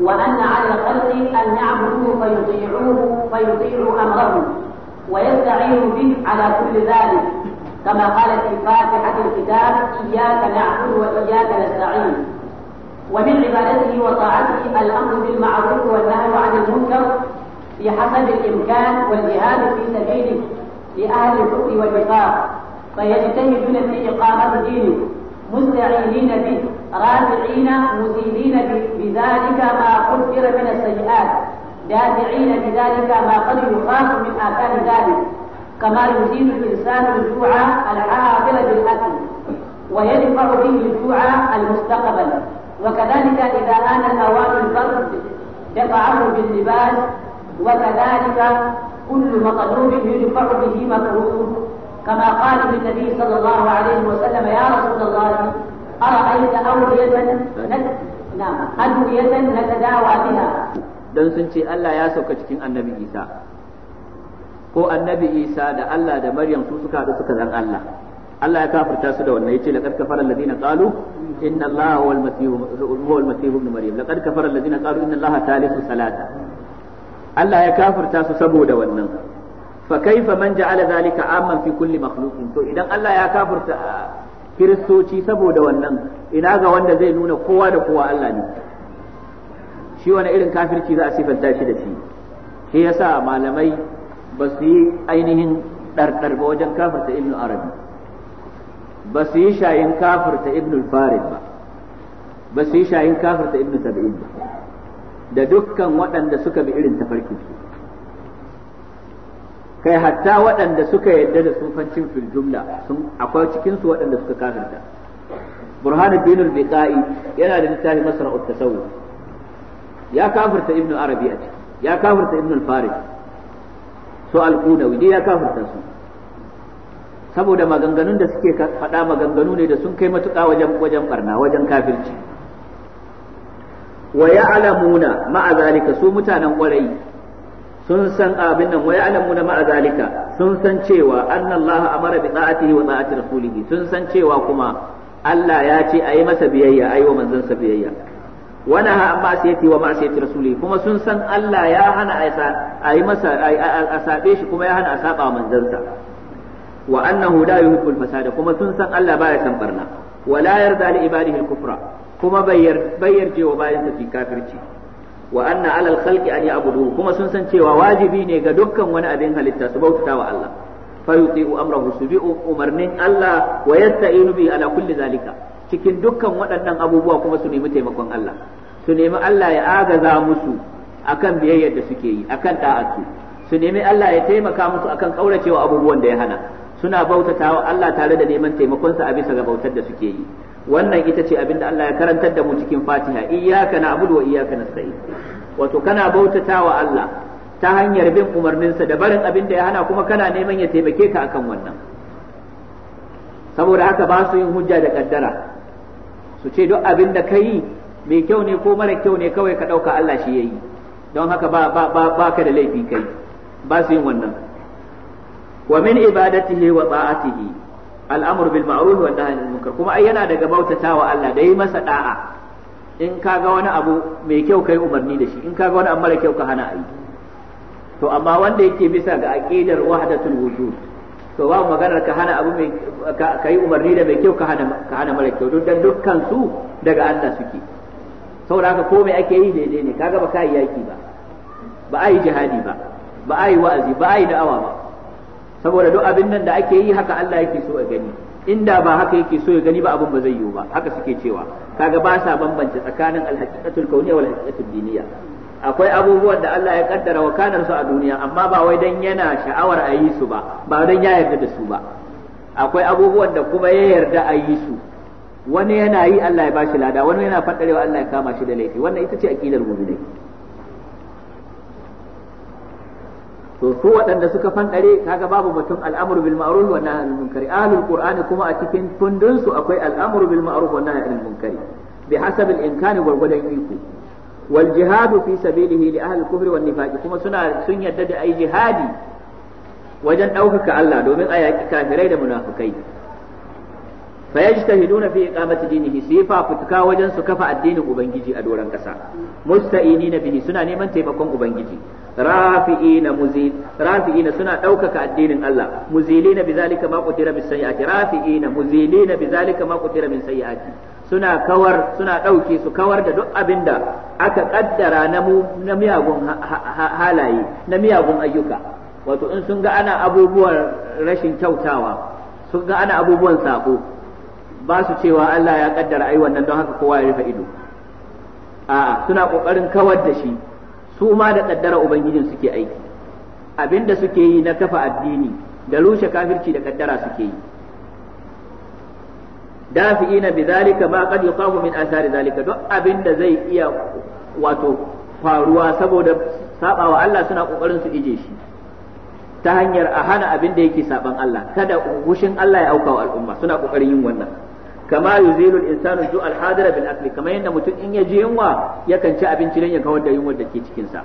وأن على الخلق أن يعبدوه فيطيعوه فيطيعوا أمره ويستعين به على كل ذلك كما قال في فاتحة الكتاب إياك نعبد وإياك نستعين ومن عبادته وطاعته الأمر بالمعروف والنهي عن المنكر بحسب الإمكان والجهاد في سبيله لأهل الحب والوفاق فيجتهدون في إقامة دينه مستعينين به رافعين مزيلين بذلك ما قدر من السيئات دافعين بذلك ما قد يخاف من آثار ذلك كما يزيل الإنسان الجوع العاقل بالأكل ويدفع به الجوع المستقبل وكذلك إذا آن الأوان البرد دفعه باللباس وكذلك كل مطلوب يدفع به مكروه كما قال النبي صلى الله عليه وسلم يا رسول الله أرأيت أولية نعم أدوية نتداوى بها don sun ce Allah ya sauka cikin annabi Isa ko annabi Isa da Allah da Maryam su suka haɗu suka zan Allah Allah ya kafirta su da wannan yace laqad kafara alladhina qalu inna Allaha wal masih huwa al masih ibn Maryam laqad kafara alladhina qalu inna Allaha thalithu salata Allah ya kafirta su saboda wannan fa kaifa man ja'ala dhalika amman fi kulli makhluqin to idan Allah ya kafirta ah, kiristoci saboda wannan ina ga wanda zai nuna kowa da kowa Allah ne shi wani irin kafirci za a sifanta shi da shi shi yasa malamai ba su yi ainihin ɗarɗar ba wajen kafirta ibn arabi ba su yi shayin kafirta ibn farid ba ba su yi shayin kafirta ibn sab'in ba da dukkan waɗanda suka bi irin tafarkin su kai hatta waɗanda suka yadda da sufancin fil jumla sun akwai cikin su waɗanda suka kafirta burhanuddin al-biqai yana da littafin masra'ut tasawuf ya kafirta Ibn arabi a ciki ya kafirta Ibn al-farid su al-qunawi dai ya kafirta su saboda maganganun da suke faɗa maganganu ne da sun kai matuƙa wajen wajen barna wajen kafirci wa ya'lamuna ma'a zalika su mutanen ƙwarai sun san abin nan wa ya'lamuna ma'a zalika sun san cewa annallaha amara bi ta'atihi wa ta'ati rasulihi sun san cewa kuma Allah ya ce ayi masa biyayya ayi wa manzon biyayya wana ha an ma'asiyati wa ma'asiyati rasuli kuma sun san Allah ya hana a yi masa a saɓe shi kuma ya hana a saba manzansa wa annahu la yuhibbul fasada kuma sun san Allah baya san barna wa la yarda li ibadihi al-kufra kuma bayyarce wa bayansa fi kafirci wa anna ala al-khalqi an ya'budu kuma sun san cewa wajibi ne ga dukkan wani abin halitta su bautata wa Allah fa yuti'u amrahu su bi umarnin Allah wa yasta'inu bi ala kulli zalika cikin dukkan waɗannan abubuwa kuma su nemi taimakon Allah su nemi Allah ya agaza musu akan biyayyar da suke yi akan da'atu su nemi Allah ya taimaka musu akan kauracewa abubuwan da ya hana suna bautata wa Allah tare da neman taimakonsa a bisa ga bautar da suke yi wannan ita ce abin da Allah ya karantar da mu cikin Fatiha iyyaka na'budu wa iyyaka nasta'in wato kana bautata wa Allah ta hanyar bin umarninsa da barin abin da ya hana kuma kana neman ya taimake ka akan wannan saboda haka ba su yin hujja da kaddara su ce duk abin da ka yi mai kyau ne ko mara kyau ne kawai ka ɗauka Allah shi ya yi don haka ba ba ba ba ka da laifi kai ba su yin wannan wa min ibadatihi wa ta'atihi al'amru bil ma'ruf wa nahyi anil munkar kuma ai yana daga bautatawa Allah da yi masa da'a in kaga wani abu mai kyau kai umarni da shi in ka ga wani abu mara kyau ka hana ayi to amma wanda yake bisa ga aqidar wahdatul wujud to ba maganar ka hana abu mai ka yi umarni da mai kyau ka hana ka hana mara kyau don dukkan su daga Allah suke saboda haka ko mai ake yi daidai ne kaga ba kai yaki ba ba ai jihadi ba ba ai wa'azi ba ai da'awa ba saboda duk abin nan da ake yi haka Allah yake so a gani inda ba haka yake so ya gani ba abin ba zai yiwu ba haka suke cewa kaga ba sa bambance tsakanin alhaqiqatul kauniyya wal haqiqatul diniyya akwai abubuwan da Allah ya kaddara wa kanar su a duniya amma ba wai dan yana sha'awar a yi su ba ba dan ya yarda da su ba akwai abubuwan da kuma ya yarda a yi su wani yana yi Allah ya bashi lada wani yana faɗarewa Allah ya kama shi da laifi wannan ita ce aqidar mu'minai to su waɗanda suka fanɗare kaga babu mutum al'amru bil ma'ruf wa nahyi anil munkari ahlul qur'ani kuma a cikin tundun su akwai al'amru bil ma'ruf wa nahyi anil munkari bi hasab al imkani iko wal jihadu fi sabilihi li ahli kufri wan nifaqi kuma suna sun yadda da ai jihadi wajen ɗaukaka Allah domin a yaƙi kafirai da munafukai fa yajtahiduna fi iqamati dinihi su yi fafutuka wajen su kafa addinin ubangiji a doran kasa musta'inina bihi suna neman taimakon ubangiji rafi'ina muzil rafi'ina suna ɗaukaka addinin Allah muzilina bizalika ma qutira bis sayyiati rafi'ina muzilina bizalika ma qutira min sayyiati suna kawar suna ɗauke su kawar da duk abinda aka kaddara na na miyagun halaye na miyagun ayyuka wato in sun ga ana abubuwan rashin kyautawa sun ga ana abubuwan sako ba su cewa Allah ya kaddara ai wannan don haka kowa ya rufe ido a'a suna kokarin kawar da shi su ma da kaddara ubangijin suke aiki abinda suke yi na kafa addini da rushe kafirci da kaddara suke yi dafi'ina bidhalika ma qad yuqamu min athari zalika duk abinda zai iya wato faruwa saboda sabawa Allah suna kokarin su ije shi ta hanyar a hana abin da yake saban Allah kada hushin Allah ya auka wa al'umma suna kokarin yin wannan kama yuzilu al-insanu ju al-hadira bil akli kamar yadda mutum in ya yunwa yakan ci abinci dan ya kawar da yunwar da ke cikin sa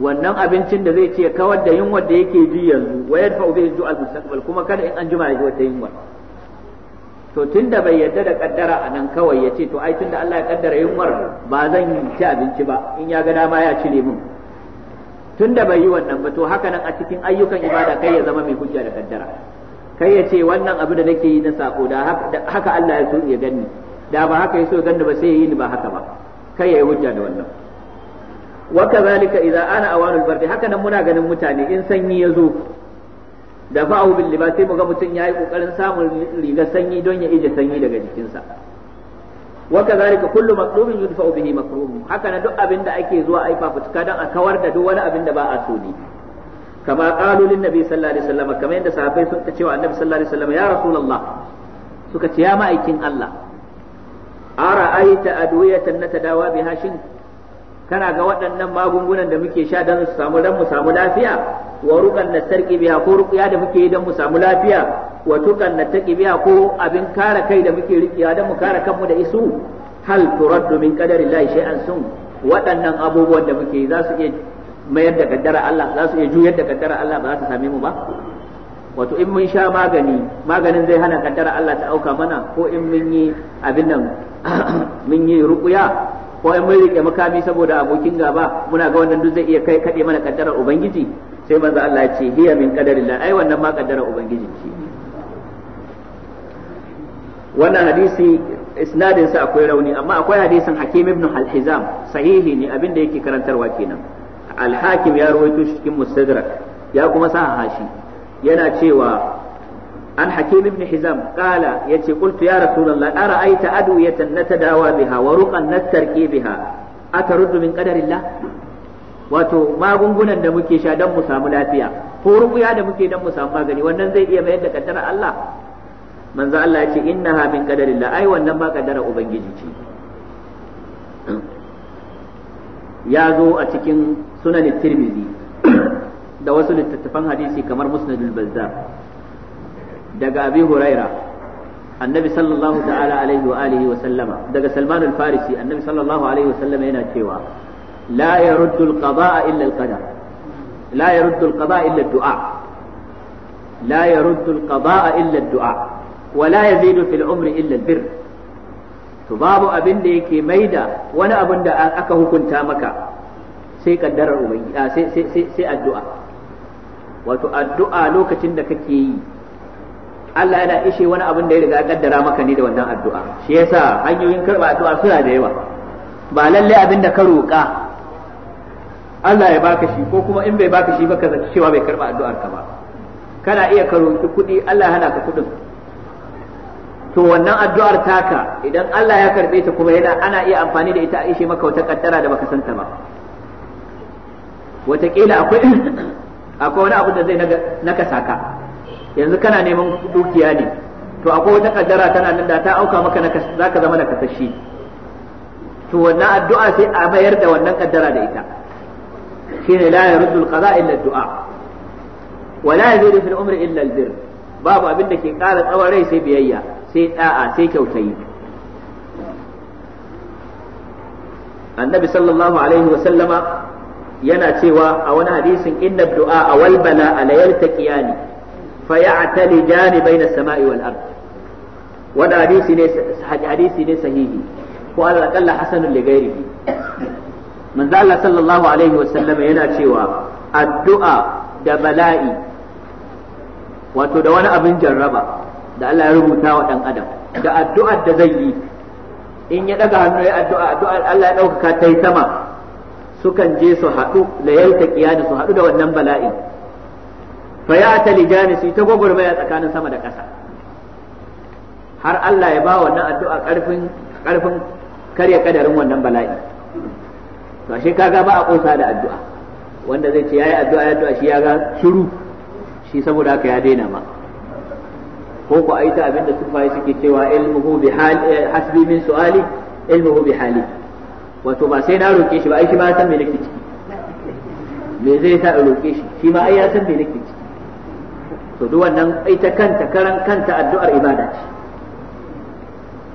wannan abincin da zai ci ya kawar da yunwar da yake ji yanzu wa yadfa'u bihi ju al-mustaqbal kuma kada in an jima ya ji wata yunwa to tunda bai yadda da kaddara a nan kawai yace ce to ai tunda Allah ya kaddara yunwar ba zan ci abinci ba in ya ga dama ya cire min tunda bai yi wannan ba to haka nan a cikin ayyukan ibada kai ya zama mai hujja da kaddara kai ya ce wannan abu da nake yi na sako da haka Allah ya so ya ganni da ba haka ya so ya ganni ba sai ya yi ni ba haka ba kai ya yi hujja da wannan wa kazalika idza ana awanul bardi haka nan muna ganin mutane in sanyi ya zo da fa'u bil libasi muga mutun yayi kokarin samun riga sanyi don ya ije sanyi daga jikinsa wa kazalika kullu maqlubin yudfa'u bihi makruh haka nan duk abin da ake zuwa ai fafutuka dan a kawar da duk wani abin da ba a so ne kama qalu lin nabi sallallahu alaihi wasallam kamar yadda sahabbai sun ce wa annabi sallallahu alaihi wasallam ya rasulullah suka ce ya ma'aikin Allah ara aita adwiyatan natadawa biha shin kana ga waɗannan magungunan da muke sha don su samu mu samu lafiya wa rukan na sarki ko rukiya da muke yi don mu samu lafiya wa tukan na taki biya ko abin kare kai da muke rikiya don mu kare kanmu da isu hal domin min qadarillahi shay'an sun waɗannan abubuwan da muke za su iya mayar da kaddara Allah za su iya juyar da kaddara Allah ba za ta same mu ba wato in mun sha magani maganin zai hana kaddara Allah ta auka mana ko in mun yi abin nan mun yi rukuya ko in mun rike makami saboda abokin gaba muna ga wannan duk zai iya kai kade mana kaddarar ubangiji sai manzo Allah ya ce hiya min qadarillah ai wannan ma kaddara ubangiji ce wannan hadisi isnadin sa akwai rauni amma akwai hadisin hakim ibn al-hizam sahihi ne abin da yake karantarwa kenan Alhakim ya rawaito shi cikin mustadrak ya kuma sa hashi yana cewa an hakim ibn hizam ya yace qultu ya rasulullah ara'aita adwiyatan natadawa biha wa ruqan natarqi biha ataruddu min qadarillah wato magungunan da muke sha dan mu samu lafiya ko rubuya da muke dan mu samu magani wannan zai iya mayar da kaddara Allah manzo Allah yace ce innaha min qadarillah ai wannan ba kaddara ubangiji ce ya zo a cikin sunan tirmidhi da wasu littattafan hadisi kamar musnadul bazzar daga abi huraira annabi sallallahu alaihi wa alihi daga salman farisi annabi sallallahu alaihi wa sallama yana cewa la yaruddu al-qada'a illa al-qadar la yaruddu al-qada'a illa ad-du'a la yaruddu al-qada'a illa ad-du'a wa la yazidu fil umri illa al to babu abin da yake maida wani abin da aka hukunta maka sai kaddarar ubangi. sai sai sai addu'a wato addu'a lokacin da kake yi Allah yana ishe wani abin da ya riga kaddara maka ne da wannan addu'a shi yasa hanyoyin karba addu'a suna da yawa ba lalle abin da ka roƙa Allah ya baka shi ko kuma in bai baka shi ba ka zaci cewa bai karba addu'ar ka ba kana iya ka roƙi kuɗi Allah hana ka kuɗin to wannan addu'ar taka idan Allah ya karbe ta kuma yana ana iya amfani da ita a ishe maka wata kaddara da baka santa ba wataƙila akwai akwai wani abu da zai naka saka yanzu kana neman dukiya ne to akwai wata kaddara tana nan da ta auka maka naka zaka zama nakasashe to wannan addu'a sai a mayar da wannan kaddara da ita shine la yaruddu al-qada illa ad-du'a wa la yazidu fil umri illa al babu abin da ke ƙara tsawon rai sai biyayya sai da'a sai kyautayi annabi sallallahu alaihi wa sallama yana cewa a wani hadisin inna du'a a wal bala ala yaltaqiyani fa bai na samai wal ard Wani hadisi ne hadisi ne sahihi ko ala akalla hasanul li ghairihi manzo Allah sallallahu alaihi wa wasallam yana cewa addu'a da bala'i wato da wani abin jarraba da Allah ya rubuta wa dan adam da addu'ar da zai yi in ya daga hannu ya addu'a addu'ar Allah ya dauka ta yi sama sukan je su haɗu da yalta qiyani su haɗu da wannan bala'in fa ya ta lijani su ta gwagwarmaya tsakanin sama da ƙasa har Allah ya ba wannan addu'a ƙarfin ƙarfin karya kadarin wannan bala'i to ashe kaga ba a kosa da addu'a wanda zai ce yayi addu'a ya addu'a shi ya ga shiru shi saboda haka ya daina ma ko ku aita abinda sufaye suke cewa ilmuhu bi hal eh, hasbi min su'ali ilmuhu bi hali wato ba sai na roke shi ba ai shi ma ya san me nake ciki me zai sa in roke shi shi ma ai ya san me nake ciki to duk wannan ita kanta karan kanta addu'ar ibada ce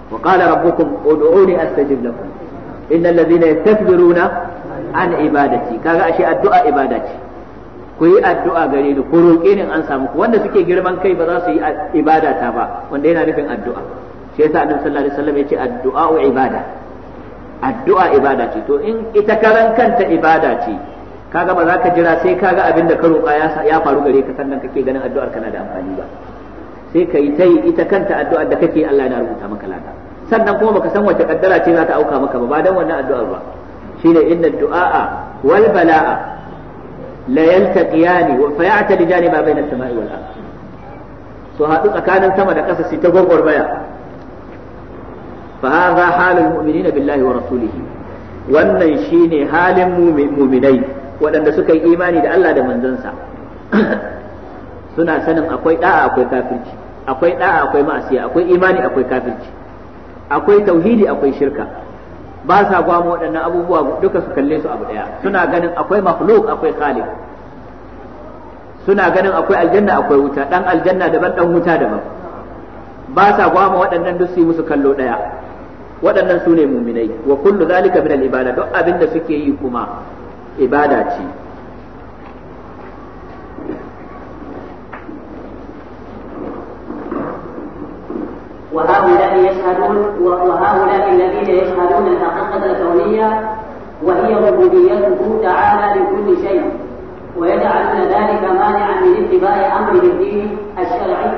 wa qala rabbukum ud'uni astajib lakum inna alladhina yastakbiruna an ibadati kaga ashe addu'a ibada ce ku yi addu'a gare ni ku roƙe ni an samu ku wanda suke girman kai ba za su yi ibada ta ba wanda yana nufin addu'a shi yasa annabi sallallahu alaihi wasallam yace addu'a ibada addu'a ibada ce to in ita karan kanta ibada ce kaga ba za ka jira sai kaga abin da ka roƙa ya faru gare ka sannan kake ganin addu'ar kana da amfani ba sai ka yi ta ita kanta addu'ar da kake Allah yana rubuta maka lada sannan kuma baka san wace kaddara ce za ta auka maka ba ba dan wannan addu'ar ba shine inna du'a wal bala'a la yaltaqiyani wa fayata lijani janiba bayna as-sama'i wal ardh so haɗu tsakanin sama da ƙasa sai ta baya. fa hadha halul mu'minina billahi wa rasulihi wannan shine halin mu'minai waɗanda suka yi imani da Allah da manzansa suna sanin akwai da'a akwai kafirci akwai da'a akwai ma'asiya akwai imani akwai kafirci akwai tauhidi akwai shirka ba sa gwamo waɗannan abubuwa duka su kalle su abu ɗaya suna ganin akwai makhluk akwai khaliq suna ganin akwai aljanna akwai wuta dan aljanna daban dan wuta daban ba sa gwamo waɗannan duk su yi musu kallo ɗaya waɗannan su ne muminai wa kullu zalika min al-ibada duk abin da suke yi kuma ibada ce وهؤلاء يشهدون وهؤلاء الذين يشهدون الحقيقة الكونية وهي ربوبيته تعالى لكل شيء ويجعلون ذلك مانعا من اتباع أمره الدين الشرعي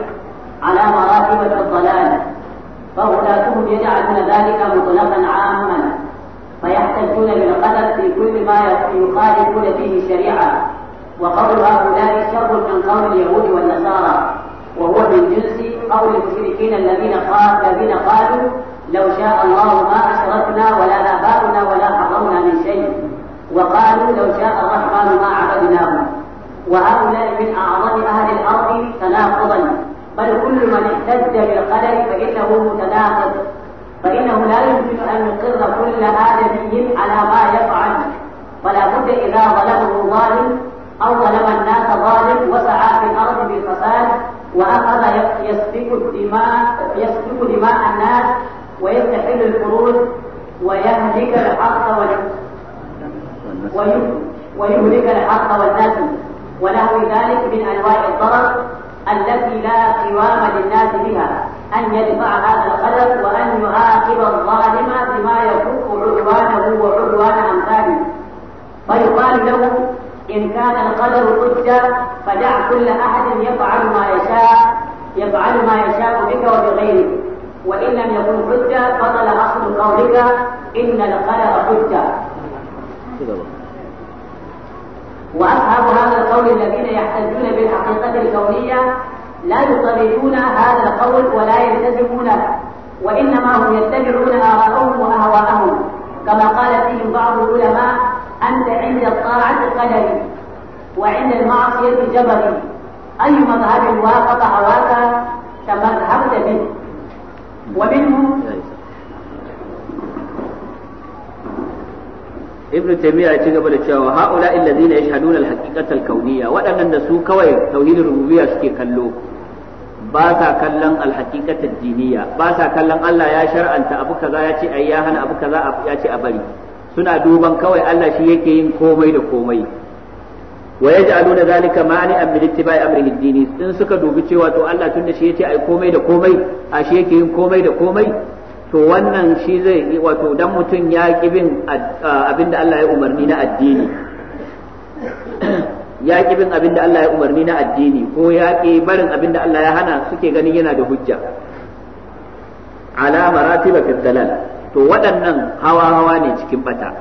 على مراتب الضلال فهناكهم يجعلون ذلك مطلقا عاما فيحتجون بالقدر في كل ما يخالفون فيه الشريعه وقول هؤلاء شر من قول اليهود والنصارى وهو من جنس قول المشركين الذين قالوا الذين قالوا لو شاء الله ما اشركنا ولا اباؤنا ولا حرمنا من شيء وقالوا لو شاء الرحمن ما عبدناه وهؤلاء من اعظم اهل الارض بل كل من اهتز بالقدر فإنه متناقض فإنه لا يمكن أن يقر كل آدمي على ما يفعل ولا بد إذا ظلمه ظالم أو ظلم الناس ظالم وسعى في الأرض بالفساد وأخذ يسفك الدماء يسفك دماء الناس ويستحل الفروج ويهلك الحق ويهلك الحق والنسل ونحو ذلك من أنواع الضرر التي لا قوام للناس بها أن يدفع هذا القدر وأن يعاقب الظالم بما يفوق عدوانه وعدوان أمثاله فيقال له إن كان القدر قدر فدع كل أحد يفعل ما يشاء يفعل ما يشاء بك وبغيرك وإن لم يكن قدر فضل أصل قولك إن القدر قدر واصحاب هذا القول الذين يحتجون بالحقيقه الكونيه لا يطردون هذا القول ولا يلتزمونه وانما هم يتبعون اراءهم واهواءهم كما قال فيهم بعض العلماء انت عند الطاعه قدري وعند المعصيه جبري اي مذهب وافق هواك تمذهبت به ومنهم ibn taymiya ya ci gaba da cewa haula illazina yashhaduna al-haqiqata al waɗannan da su kawai tauhidin rububiyya suke kallo ba sa kallon al-haqiqata ba sa kallon Allah ya shar'anta abu kaza ya ce ai ya hana abu kaza ya ce a bari suna duban kawai Allah shi yake yin komai da komai wa yaj'aluna zalika ma'ani'an min ittiba'i amrihi dini in suka dubi cewa to Allah tunda shi yace ai komai da komai a shi yake yin komai da komai to wannan shi zai wato dan mutum ya ki bin abinda Allah ya umarni na addini ya ki bin abinda Allah ya umarni na addini ko ya ki barin abinda Allah ya hana suke ganin yana da hujja ala maratiba fi dalal to waɗannan hawa hawa ne cikin bata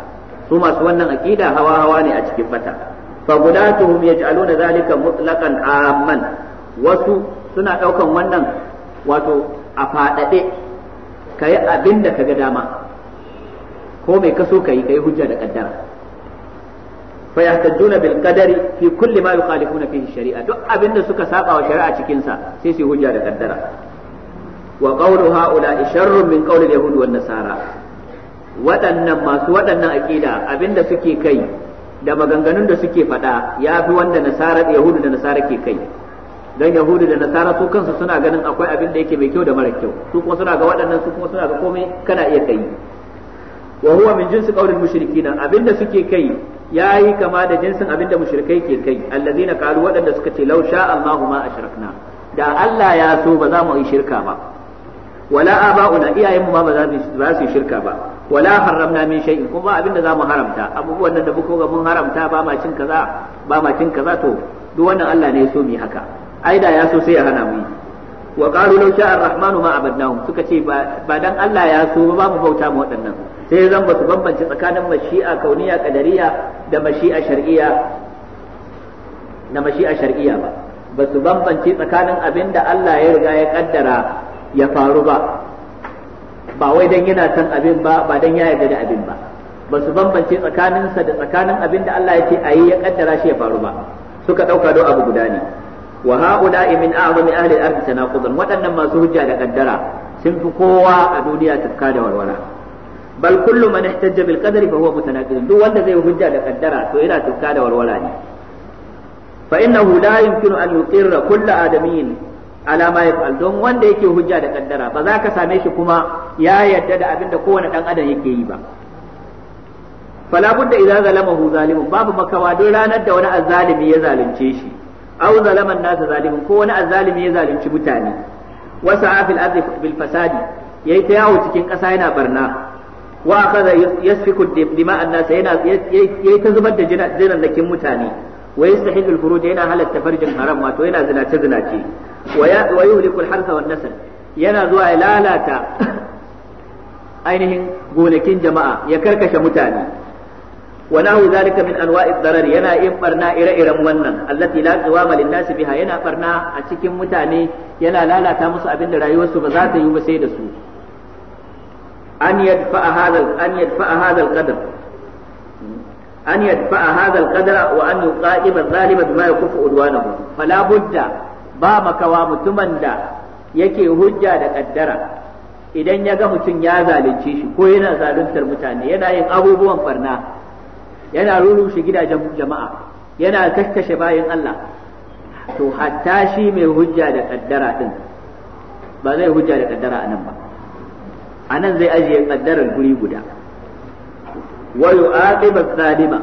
su masu wannan aqida hawa hawa ne a cikin bata fa gudatuhum yaj'aluna zalika mutlaqan amman wasu suna daukan wannan wato a fadade ka yi abin da ka ga dama ko mai kaso ka yi ka yi hujja da kaddara fa yahtajuna bil qadari fi kulli ma yuqalifuna fihi shari'a duk abin da suka saba wa shari'a cikin sa sai su hujja da kaddara wa qawlu haula sharrun min qawli yahud wan nasara waɗannan masu waɗannan aqida abin da suke kai da maganganun da suke faɗa ya fi wanda nasara yahudu da nasara ke kai dan yahudu da nasara su kansu suna ganin akwai abin da yake mai kyau da mara kyau su kuma suna ga waɗannan su kuma suna ga komai kana iya kai wa huwa min jinsi qaulil mushrikina abinda suke kai yayi kama da jinsin abinda mushrikai ke kai allazina qalu waɗanda suka ce law sha Allahu ma ashrakna da Allah ya so ba za mu yi shirka ba wala aba'una iyayenmu ma ba za su yi shirka ba wala haramna min shay'in kuma abinda za mu haramta abubuwan da muka ga mun haramta ba ma cin kaza ba ma cin kaza to duk wannan Allah ne ya so mu haka ai da ya so sai ya hana mu yi wa qalu law sha'a ar-rahmanu ma abadnahum suka ce ba dan Allah ya so ba mu bauta mu waɗannan sai zan ba su bambance tsakanin mashi'a kauniya qadariya da mashi'a shar'iyya da mashi'a shar'iyya ba ba su bambance tsakanin abin da Allah ya riga ya kaddara ya faru ba ba wai dan yana son abin ba ba dan ya yarda da abin ba ba su bambance tsakaninsa da tsakanin abin da Allah ya ce ayi ya kaddara shi ya faru ba suka dauka do abu guda ne wa haula'i min a'zami ahli al-ardi tanaqudan waɗannan masu hujja da kaddara sun fi kowa a duniya tafka da warwara bal kullu man ihtajja bil qadari fa huwa mutanaqid wanda zai hujja da kaddara to yana tafka da warwara ne fa innahu la yumkinu an yuqirra kullu adamiyyin ala ma yaf'al don wanda yake hujja da kaddara ba za ka same shi kuma ya yarda da abinda kowane dan adam yake yi ba fala budda idza zalamahu babu makawa don ranar da wani azzalimi ya zalunce shi aw zalama an-nas zalimin ko wani azzalimi ya zalunci mutane wasa afil ardi bil fasadi yayi ta yawo cikin ƙasa yana barna wa akhadha yasfiku dima an-nas yana yayi ta zubar da jinan mutane wa yastahilu al-furuj yana halatta farjin haram wato yana zinace zinace wa wa yuhliku al-harsa nasl yana zuwa ya lalata ainihin gonakin jama'a ya karkashe mutane wa nahu zalika min anwa'i darar yana yin barna ire-iren wannan allati la qiwama lin-nas biha yana barna a cikin mutane yana lalata musu abinda rayuwarsu ba za ta yi ba sai da su an yadfa'a hadha an yadfa'a hadha al an yadfa'a hadha al-qadra wa an yuqa'iba adh-dhalima ba makawa mutumin da yake hujja da ƙaddara idan ya ga mutum ya zalunce shi ko yana zaluntar mutane yana yin abubuwan barna yana rurushe gidajen jama'a yana kakkashe bayan Allah to hatta shi mai hujja da kaddara din ba zai hujja da kaddara anan ba anan zai ajiye kaddarar guri guda wa yu'aqiba zalima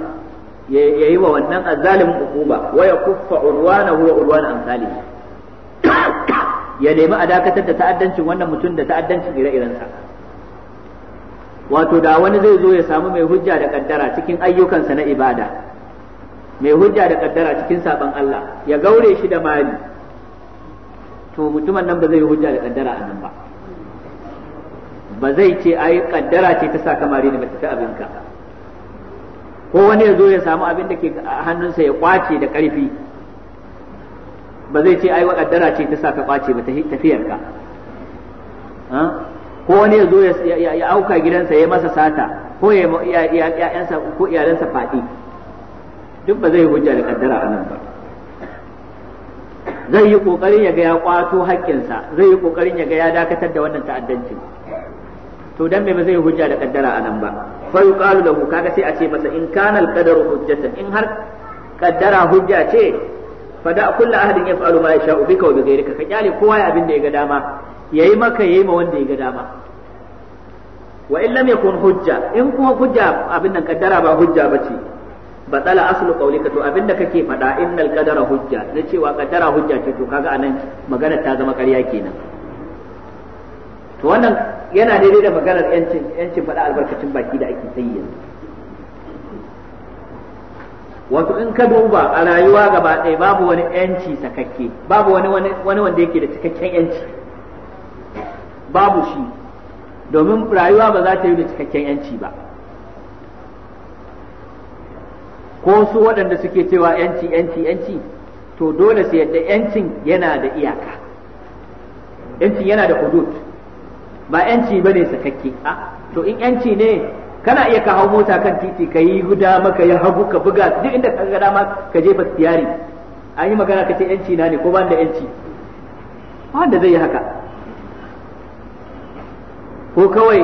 yayi wa wannan azalimin hukuma wa yakuffa urwana huwa urwana amsalihi ya nemi a dakatar da ta'addancin wannan mutum da ta'addancin ire-irensa wato da wani zai zo ya samu mai hujja da kaddara cikin ayyukansa na ibada mai hujja da kaddara cikin saban Allah ya gaure shi da mali to mutumin nan ba zai yi hujja da kaddara a nan ba ba zai ce ai kaddara ce ta sa kamari ne ba ta abinka ko wani ya zo ya samu abin da ke hannunsa ya kwace da karfi ba zai ce ai kaddara ce ta sa ka kwace ba ta tafiyarka ko wani ya zo ya auka gidansa ya masa sata ko ya ya'yansa ko iyalansa faɗi duk ba zai hujja da kaddara a nan ba zai yi kokarin ya ga ya kwato haƙƙinsa zai yi kokarin ya ga ya dakatar da wannan ta'addancin to dan me ba zai hujja da kaddara a nan ba fa yuqalu lahu kaga sai a ce masa in kana al-qadaru hujjatan in har kaddara hujja ce fa da kullu ahadin yaf'alu ma yasha'u bika wa bi ghayrika ka kyale kowa ya abin da ya ga dama yayi maka yayi ma wanda ya ga dama wa in lam yakun hujja in kuma hujja abin nan kaddara ba hujja bace batala aslu qawlika to abin da kake faɗa innal qadara hujja na cewa kaddara hujja ce to kaga anan magana ta zama ƙarya kenan to wannan yana daidai da maganar yancin yancin faɗa albarkacin baki da ake sayi yanzu wato in ka duba a rayuwa gaba ɗaya babu wani yanci sakakke babu wani wani wanda yake da cikakken yanci babu shi domin rayuwa ba za ta yi da cikakken yanci ba ko su waɗanda suke cewa yanci yanci yanci to dole su yadda yancin yana da iyaka yancin yana da hudud ba yanci ba ne sakakke a to in yanci ne kana iya ka hau mota kan titi ka yi guda maka ya hagu ka buga duk inda ka gada ma ka jefa tiyari an yi magana ka ce yanci na ne ko ban da yanci wanda zai yi haka ko kawai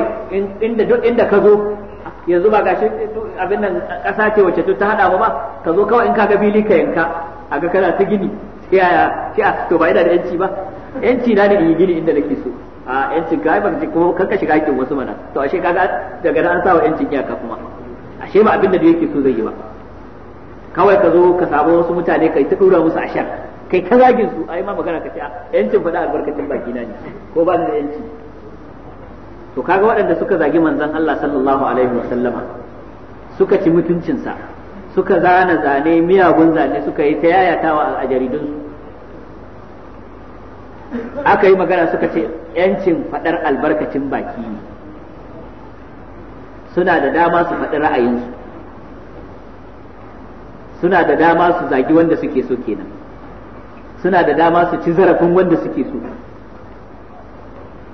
inda duk inda ka zo yanzu ba gashi abin nan ƙasa ce wacce ta hada ba ka zo kawai in ka ga fili ka yanka a ga kana ta gini yaya a to ba ina da yanci ba yanci na ne in yi gini inda nake so a yancin ka ba kuma kan ka shiga hakkin wasu mana to ashe kaga daga nan an sa wa yancin iyaka kuma ashe ba abin da yake so zai yi ba kawai ka zo ka samu wasu mutane kai ta dora musu ashar kai ka zagin su ai ma magana ka ce yancin faɗa albarkacin baki na ne ko ba ni da yanci to kaga waɗanda suka zagi manzon Allah sallallahu alaihi wa sallama suka ci mutuncinsa suka zana zane miyagun zane suka yi ta yayatawa a jaridunsu aka yi magana suka ce yancin faɗar albarkacin baki ne suna da dama su faɗi ra'ayinsu suna da dama su zagi wanda suke so kenan suna da dama su ci zarafin wanda suke so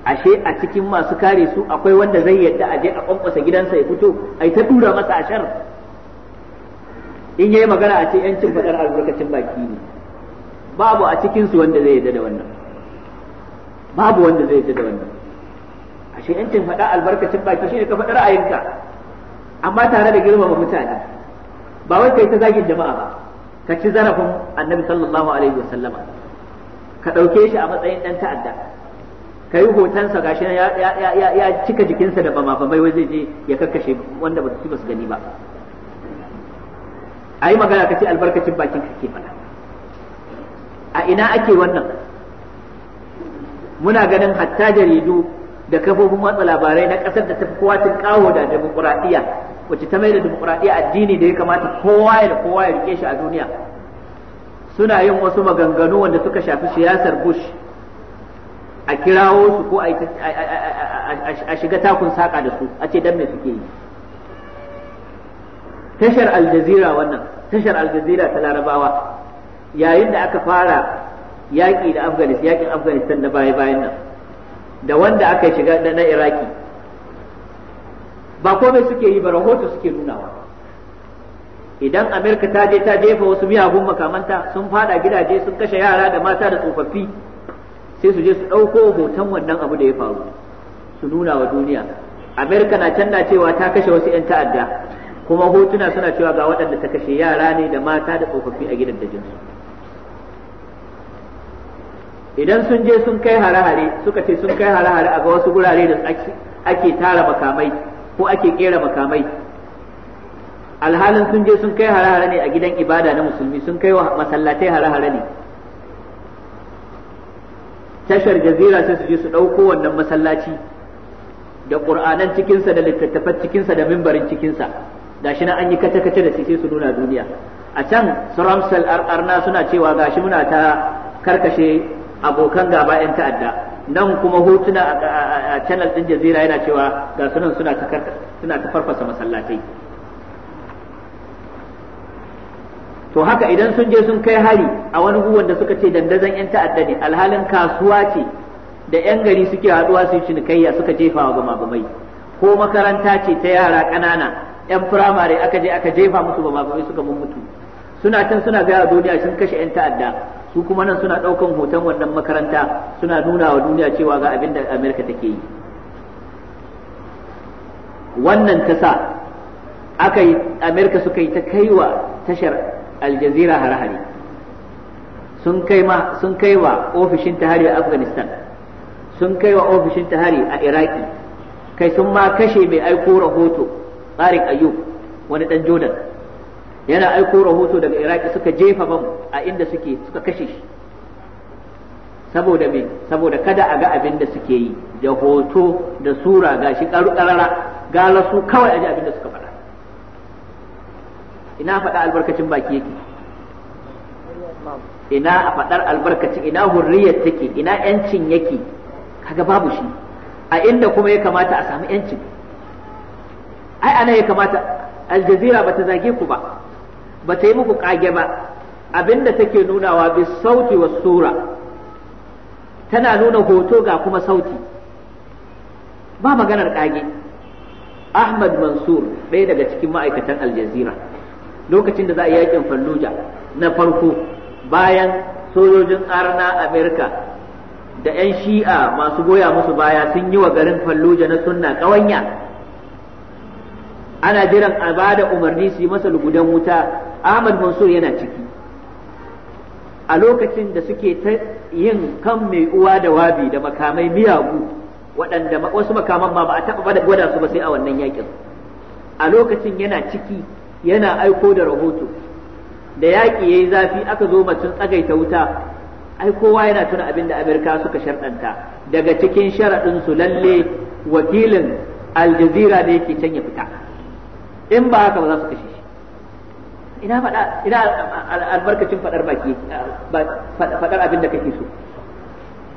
ashe a cikin masu kare su akwai wanda zai yadda aje a kwankwasa gidansa ya fito ai ta dura masa ashar in yayi magana a ce yancin fadar albarkacin baki ne babu a cikin su wanda zai yadda da wannan babu wanda zai yadda da wannan ashe yancin fadar albarkacin baki shine ka fadar ra'ayinka amma tare da girmama mutane ba wai kai ta zagin jama'a ba ka ci zarafin annabi sallallahu alaihi wasallama ka ɗauke shi a matsayin ɗan ta'adda ka yi hotonsa gashi ya cika jikinsa da bama bamai wai zai je ya karkashe wanda ba su ba su gani ba a yi magana ka ce albarkacin bakin kake ke a ina ake wannan muna ganin hatta jaridu da kafofin watsa labarai na ƙasar da ta fi kowa tun kawo da demokuraɗiyya wacce ta maida da demokuraɗiyya addini da ya kamata kowa ya da kowa ya rike shi a duniya suna yin wasu maganganu wanda suka shafi siyasar bush a kirawo su ko a shiga takun saƙa da su a ce dan me suke yi tashar aljazira wannan tashar aljazira ta larabawa yayin da aka fara yaƙi da afghanistan yaƙin afghanistan na baya bayan nan da wanda aka shiga na iraki ba komai suke yi ba rahoto suke nunawa idan amerika ta je ta jefa wasu miyagun makamanta sun fada gidaje sun kashe yara da mata da tsofaffi sai su je su ɗauko hoton wannan abu da ya faru su nuna wa duniya amerika na can na cewa ta kashe wasu 'yan ta'adda kuma hotuna suna cewa ga waɗanda ta kashe yara ne da mata da tsofaffi a gidan da jinsu idan sun je sun kai hare-hare suka ce sun kai hare-hare a ga wasu gurare da ake tara makamai ko ake kera makamai alhalin sun je sun kai hare-hare ne a gidan ibada na musulmi sun kai wa masallatai hare-hare ne tashar jazira sai su je su ɗauko wannan masallaci da ƙur'anan cikinsa da littattafan cikinsa da mimbarin cikinsa gashi na an yi kace-kace da sai su nuna duniya a can su ramsal arna suna cewa gashi muna ta karkashe abokan gaba 'yan ta'adda nan kuma hotuna a channel din jazira yana cewa ga sunan suna ta farfasa masallatai to haka idan sun je sun kai hari a wani guwan da suka ce dandazon yan ta'adda ne alhalin kasuwa ce da yan gari suke haduwa su yi cinikayya suka jefa wa gumai ko makaranta ce ta yara ƙanana yan firamare aka je aka jefa musu gumai suka mutu suna can suna gaya duniya sun kashe yan ta'adda su kuma nan suna ɗaukan hoton wannan makaranta suna nuna wa duniya cewa ga abin da amerika take yi wannan ta sa aka yi amerika suka yi ta kaiwa tashar aljazira harahari sun kai ma sun kai wa ofishin tahari a afghanistan sun kai wa ofishin tahari a iraki kai sun ma kashe mai aiko rahoto tsarin ayyub wani dan jordan yana aiko rahoto daga iraki suka jefa bam a inda suke suka kashe shi saboda me saboda kada a ga abin da suke yi da hoto da sura gashi karu karara ga su kawai a ji abin da suka faɗa ina faɗa albarkacin baki yake ina a faɗar albarkacin ina hurriyar take ina yancin yake kaga babu shi a inda kuma ya kamata a samu yancin ai ana ya kamata aljazira bata zage ku ba ba ta yi muku kage ba abinda take nunawa bi sauti wa sura tana nuna hoto ga kuma sauti ba maganar kage Ahmad Mansur ɗaya daga cikin ma'aikatan Aljazira lokacin da za a yi yakin Fallujah na farko bayan sojojin arna Amerika da 'yan shi'a masu goya musu baya sun yi wa garin falluja na sunna ƙawanya ana jiran a ba da umarni su yi masa lugudan wuta Ahmad Mansur yana ciki a lokacin da suke ta yin kan mai uwa da wabi da makamai miyagu waɗanda wasu makaman ma ba a taɓa gwada su ba sai a wannan yakin a lokacin yana ciki yana aiko da rahoto da yaƙi ya yi zafi aka zo macin tsagaita wuta ai kowa yana tuna abin da amurka suka sharɗanta daga cikin sharaɗin su lalle wakilin aljazira ne yake can ya fita in ba haka ba za su kashe shi ina faɗa ina albarkacin faɗar baki faɗar abin da kake so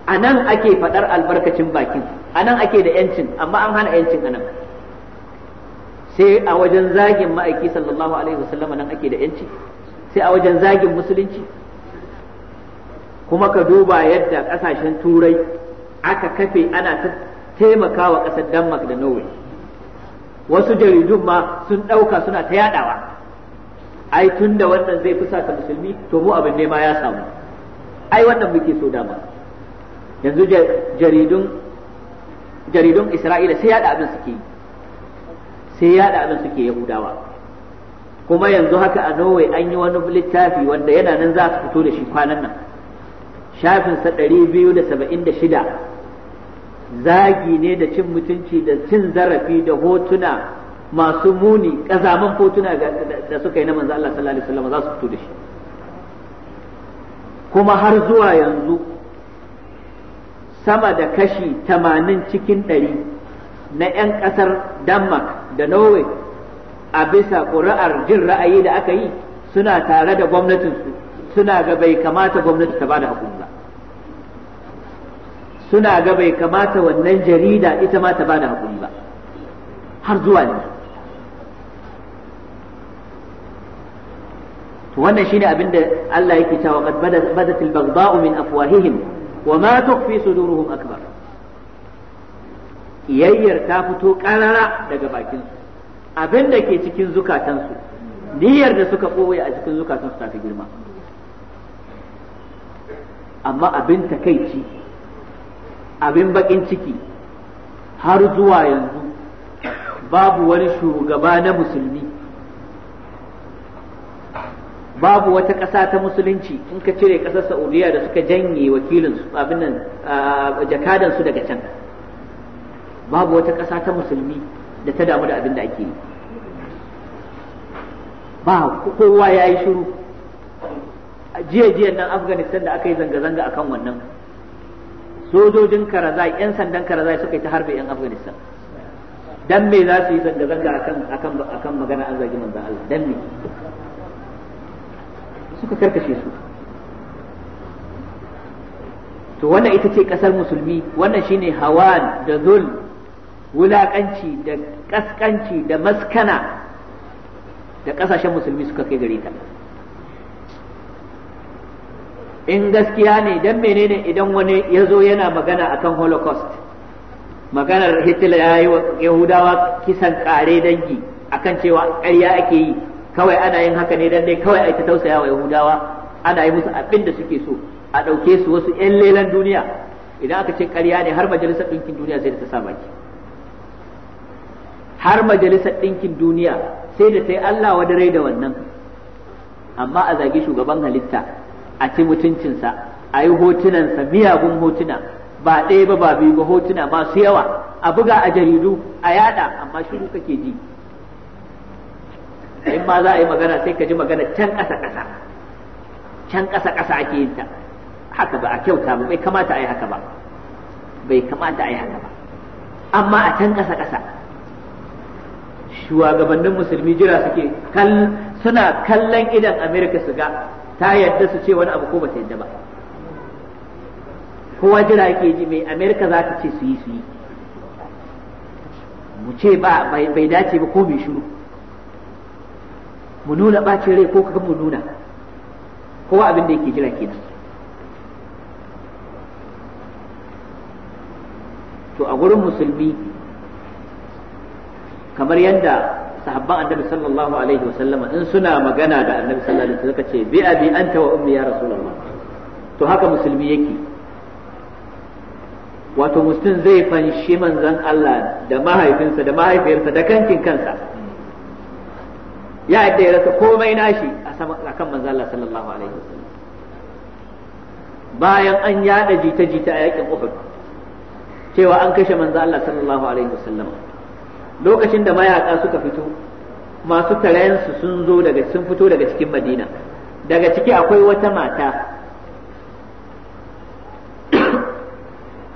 a nan ake faɗar albarkacin bakin a nan ake da yancin amma an hana yancin a nan sai a wajen zagin ma'aiki sallallahu alaihi wasallam nan ake da yanci sai a wajen zagin musulunci kuma ka duba yadda kasashen turai aka kafe ana ta taimakawa kasar denmark da norway wasu jaridun ma sun ɗauka suna ta yadawa ai tun da wannan zai fusa ka musulmi to mu abin nema ya samu ai wannan muke so dama yanzu jaridun jaridun isra'ila sai yada abin suke yi sai yada abin suke yahudawa kuma yanzu haka a norway an yi wani littafi wanda yana nan za su fito da shi kwanan nan shafinsa 276 zagi ne da cin mutunci da cin zarafi da hotuna masu muni kazaman hotuna da suka yi na manzo Allah sallallahu alaihi wasallam za su fito da shi kuma har zuwa yanzu sama da kashi 80 cikin 100 na 'yan kasar denmark da norway a bisa ƙuri'ar jin ra'ayi da aka yi suna tare da gwamnatinsu suna ga bai kamata gwamnati ta bada hukun ba suna ga bai kamata wannan jarida ita ma ta bada hukun ba har zuwa ne to wannan shine abin da Allah yake cewa qad badatil baghdha'u min afwahihim wa ma tukhfi suduruhum akbar Iyayyar ta fito karara daga bakinsu abin da ke cikin zukatansu niyyar da suka ɓoye a cikin zukatansu ta fi girma amma abin takaici abin bakin ciki har zuwa yanzu babu wani shugaba na musulmi babu wata ƙasa ta musulunci in ka cire ƙasar saudiya da suka janye wakilinsu abin nan jakadansu daga can babu wata ƙasa ta musulmi da ta damu da abin da ake yi ba kowa ya yi shiru jiya jiyan nan afghanistan da aka yi zanga-zanga akan wannan sojojin karazai 'yan sandan karazai suka yi ta harbe 'yan afghanistan dan me za su yi zanga-zanga akan kan magana an zagi manzan Allah dan me suka karkashe su to wannan ita ce kasar musulmi wannan shine hawan da zul wulaƙanci da ƙasƙanci da maskana da ƙasashen musulmi suka kai gare ta in gaskiya ne don menene idan wani ya zo yana magana akan holocaust maganar hitler ya yi yahudawa kisan ƙare dangi akan cewa ƙarya ake yi kawai ana yin haka ne don ne? kawai a ta tausaya wa yahudawa ana yi musu abin da suke so a ɗauke su wasu 'yan lelan duniya idan aka ce ƙarya ne har majalisar ɗinkin duniya sai da ta sa baki har majalisar ɗinkin duniya sai da ta yi Allah wa dare da wannan amma a zagi shugaban halitta a ci mutuncinsa a yi hotunansa miyagun hotuna ba ɗaya ba ba biyu ba hotuna masu yawa a buga a jaridu a yada amma duka ke ji in ma za a yi magana sai ka ji magana can ƙasa ƙasa can ƙasa ƙasa ake yin ta haka ba a kyauta ba bai kamata a yi haka ba bai kamata a yi haka ba amma a can ƙasa ƙasa shugabannin musulmi jira suke suna kallon idan amerika su ga ta yadda su ce wani abu ko ba ta yadda ba kowa jira yake ji mai amerika za ta ce su yi su yi mu ce ba bai dace ba ko mai shiru mu nuna bacin rai ko kuma mu nuna kowa abin da yake jira kenan to a gurin musulmi kamar yadda sahabban annabi sallallahu alaihi wa sallama in suna magana da annabi sallallahu alaihi wasallam ce bi abi anta wa ummi ya rasulullah to haka musulmi yake wato mutum zai fanshi manzon Allah da mahaifinsa da mahaifiyarsa da kankin kansa ya yadda ya rasa komai nashi a kan manzon Allah sallallahu alaihi wasallam bayan an yada jita-jita a yakin Uhud cewa an kashe manzon Allah sallallahu alaihi wasallam lokacin da mayaka suka fito masu su sun zo daga sun fito daga cikin madina daga ciki akwai wata mata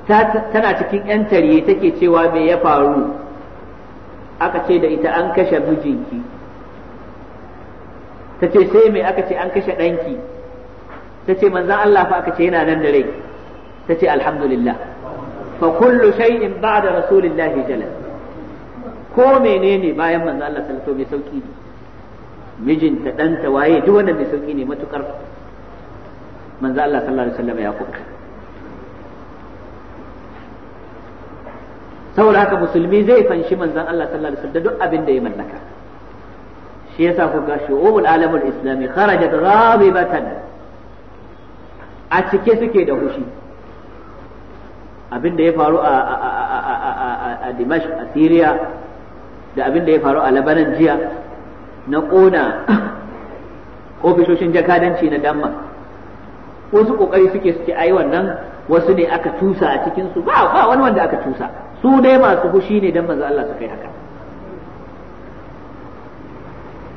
tana cikin 'yan tarye take cewa me ya faru aka ce da ita an kashe mijinki ta ce sai me aka ce an kashe ɗanki ta ce manzan Allah fa aka ce yana nan da rai ta ce alhamdulillah fa kullu shay'in ba'da rasulillahi jalal ko menene bayan manzo Allah sallallahu alaihi wasallam sauki ne mijinta ɗanta waye duk wanda mai sauki ne matukar manzo Allah sallallahu alaihi wasallam ya kuka saboda haka musulmi zai fanshi manzon Allah sallallahu alaihi wasallam duk abin da ya mallaka shi yasa ku ga shu'ubul alamul islami kharajat ghabibatan a cike suke da hushi abin da ya faru a a a a a a a a da abin da ya faru a labaran jiya na ƙona ofishoshin jakadanci na damma wasu ƙoƙari suke suke ai wannan wasu ne aka tusa a cikinsu ba ba wani wanda aka tusa su dai masu fushi ne dan manzo Allah su kai haka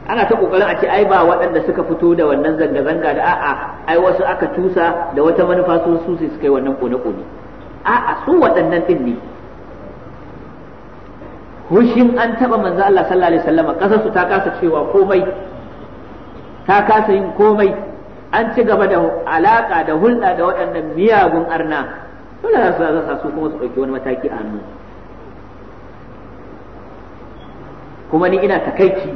ana ta kokarin a ce ai ba waɗanda suka fito da wannan zanga-zanga da a'a ai wasu aka tusa da wata manufa su su sai suka yi wannan kone-kone a'a su waɗannan din ne hushin an taba manzo Allah sallallahu alaihi wasallam kasar su ta kasa cewa komai ta kasa yin komai an ci gaba da alaka da hulɗa da waɗannan miyagun arna dole za su za su kuma su ɗauki wani mataki a hannu kuma ni ina takaici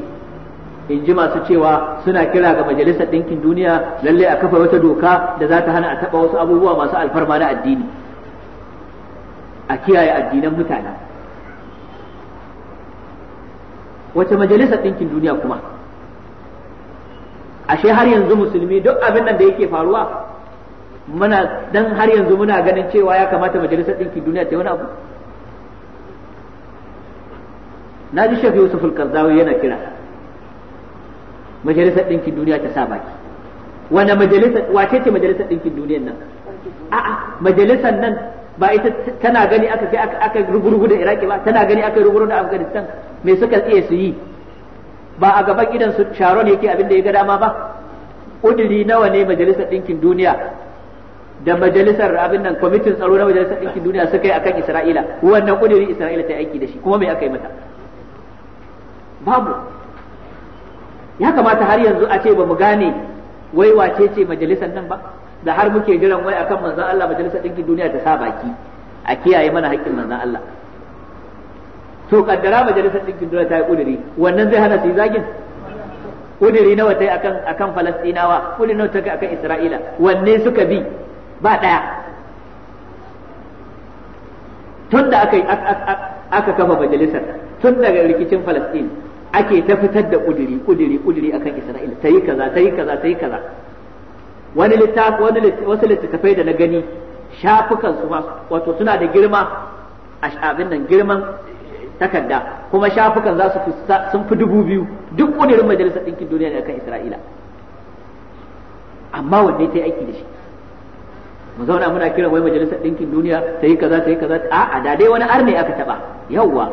in ji masu cewa suna kira ga majalisar ɗinkin duniya lalle a kafa wata doka da za ta hana a taɓa wasu abubuwa masu alfarma na addini a kiyaye addinan mutane wace majalisar ɗinkin duniya kuma ashe har yanzu musulmi duk abin nan da yake faruwa muna dan har yanzu muna ganin cewa ya kamata majalisar ɗinkin duniya ta yi wani abu na ji shafi yusuf al-karzawi yana kira majalisar ɗinkin duniya ta sa baki wani majalisar wace ce majalisar ɗinkin duniyan nan a'a majalisar nan ba ita tana gani aka kai aka rugurugu da iraki ba tana gani aka rugurugu da afghanistan me suka tsaye su yi ba a gaban gidan su sharon yake abin da ya ga dama ba kudiri nawa ne majalisar ɗinkin duniya da majalisar abin nan kwamitin tsaro na majalisar ɗinkin duniya suka yi akan isra'ila wannan kudiri isra'ila ta aiki da shi kuma me aka yi mata babu ya kamata har yanzu a ce ba mu gane wai wace ce majalisar nan ba da har muke jiran wai akan manzon Allah majalisar ɗinkin duniya ta sa baki a kiyaye mana haƙƙin manzon Allah to kaddara majalisar ɗinkin duniya ta yi ƙuduri wannan zai hana su yi zagin ƙuduri nawa ta yi akan akan Falastinawa ƙuduri nawa ta yi akan Isra'ila wanne suka bi ba ɗaya tun da aka aka kafa majalisar tun daga rikicin Falastin ake ta fitar da ƙuduri ƙuduri ƙuduri akan Isra'ila ta yi kaza ta yi kaza ta yi kaza wani littafi wani wasu littafai da na gani shafukan su wato suna da girma a abin nan girman takarda kuma shafukan za su sun fi dubu biyu duk ƙudurin majalisar ɗinkin duniya da kan isra'ila amma wanne ta yi aiki da shi mu zauna muna kiran wai majalisar ɗinkin duniya ta yi kaza ta yi kaza a'a da dai wani arne aka taɓa yawwa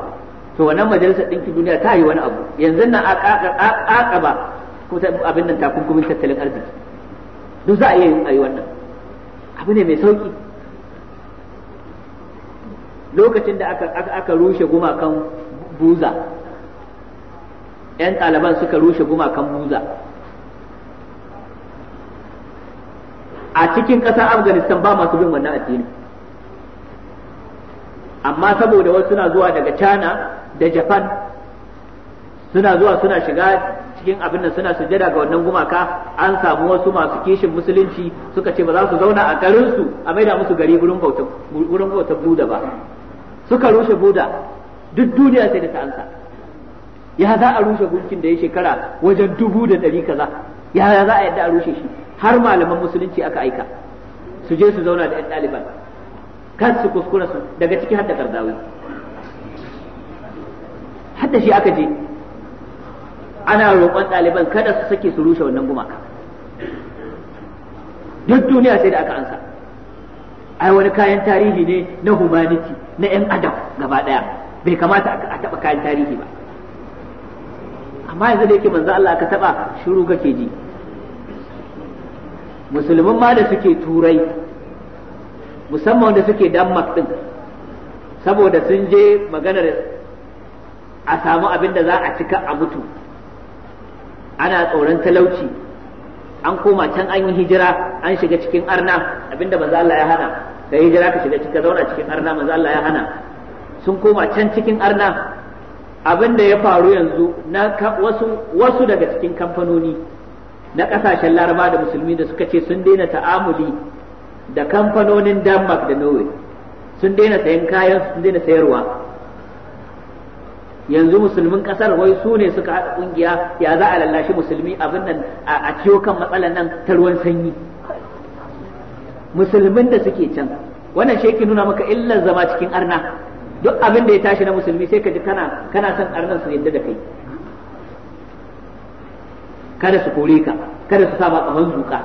to wannan majalisar ɗinkin duniya ta yi wani abu yanzu nan a ƙaƙaba ko abin nan takunkumin tattalin arziki duk za a yi ayi wannan abu ne mai sauki lokacin da aka aka rushe gumakan buza yan ɗaliban suka rushe gumakan buza a cikin ƙasar afghanistan ba masu bin wannan addini amma saboda wasu suna zuwa daga china da japan suna zuwa suna shiga cikin abin nan suna sujada ga wannan gumaka an samu wasu masu kishin musulunci suka ce ba za su zauna a garin su a maida musu gari gurin bauta gurin bauta buda ba suka rushe buda duk duniya sai da ta ansa ya za a rushe gunkin da ya shekara wajen dubu da dari kaza ya za a yadda a rushe shi har malaman musulunci aka aika su je su zauna da 'yan ɗaliban kan su kuskura su daga ciki har hadda har hadda shi aka je ana roƙon ɗaliban kada su sake su rushe wannan gumaka duk duniya sai da aka ansa ai wani kayan tarihi ne na humanity na 'yan adam gaba ɗaya bai kamata a taɓa kayan tarihi ba amma yanzu da yake manzo Allah aka taɓa shiru kake ji musulman ma da suke turai musamman da suke denmark din saboda sun je maganar a samu abin da za a cika a mutu ana tsoron talauci an koma can an yi hijira an shiga cikin arna abinda manzo Allah ya hana kai hijira ka shiga cikin zauna cikin arna manzo Allah ya hana sun koma can cikin arna abinda ya faru yanzu na wasu wasu daga cikin kamfanoni na kasashen laraba da musulmi da suka ce sun daina ta'amuli da kamfanonin Denmark da Norway sun daina sayan kayan sun daina sayarwa yanzu musulmin kasar wai su ne suka haɗa ƙungiya ya za a lallashi musulmi abin nan a ciwo kan matsalan nan ta ruwan sanyi musulmin da suke can wannan shi nuna maka illar zama cikin arna duk abin da ya tashi na musulmi sai ka ji kana kana son arnan su yadda da kai kada su kore ka kada su sa ba zuka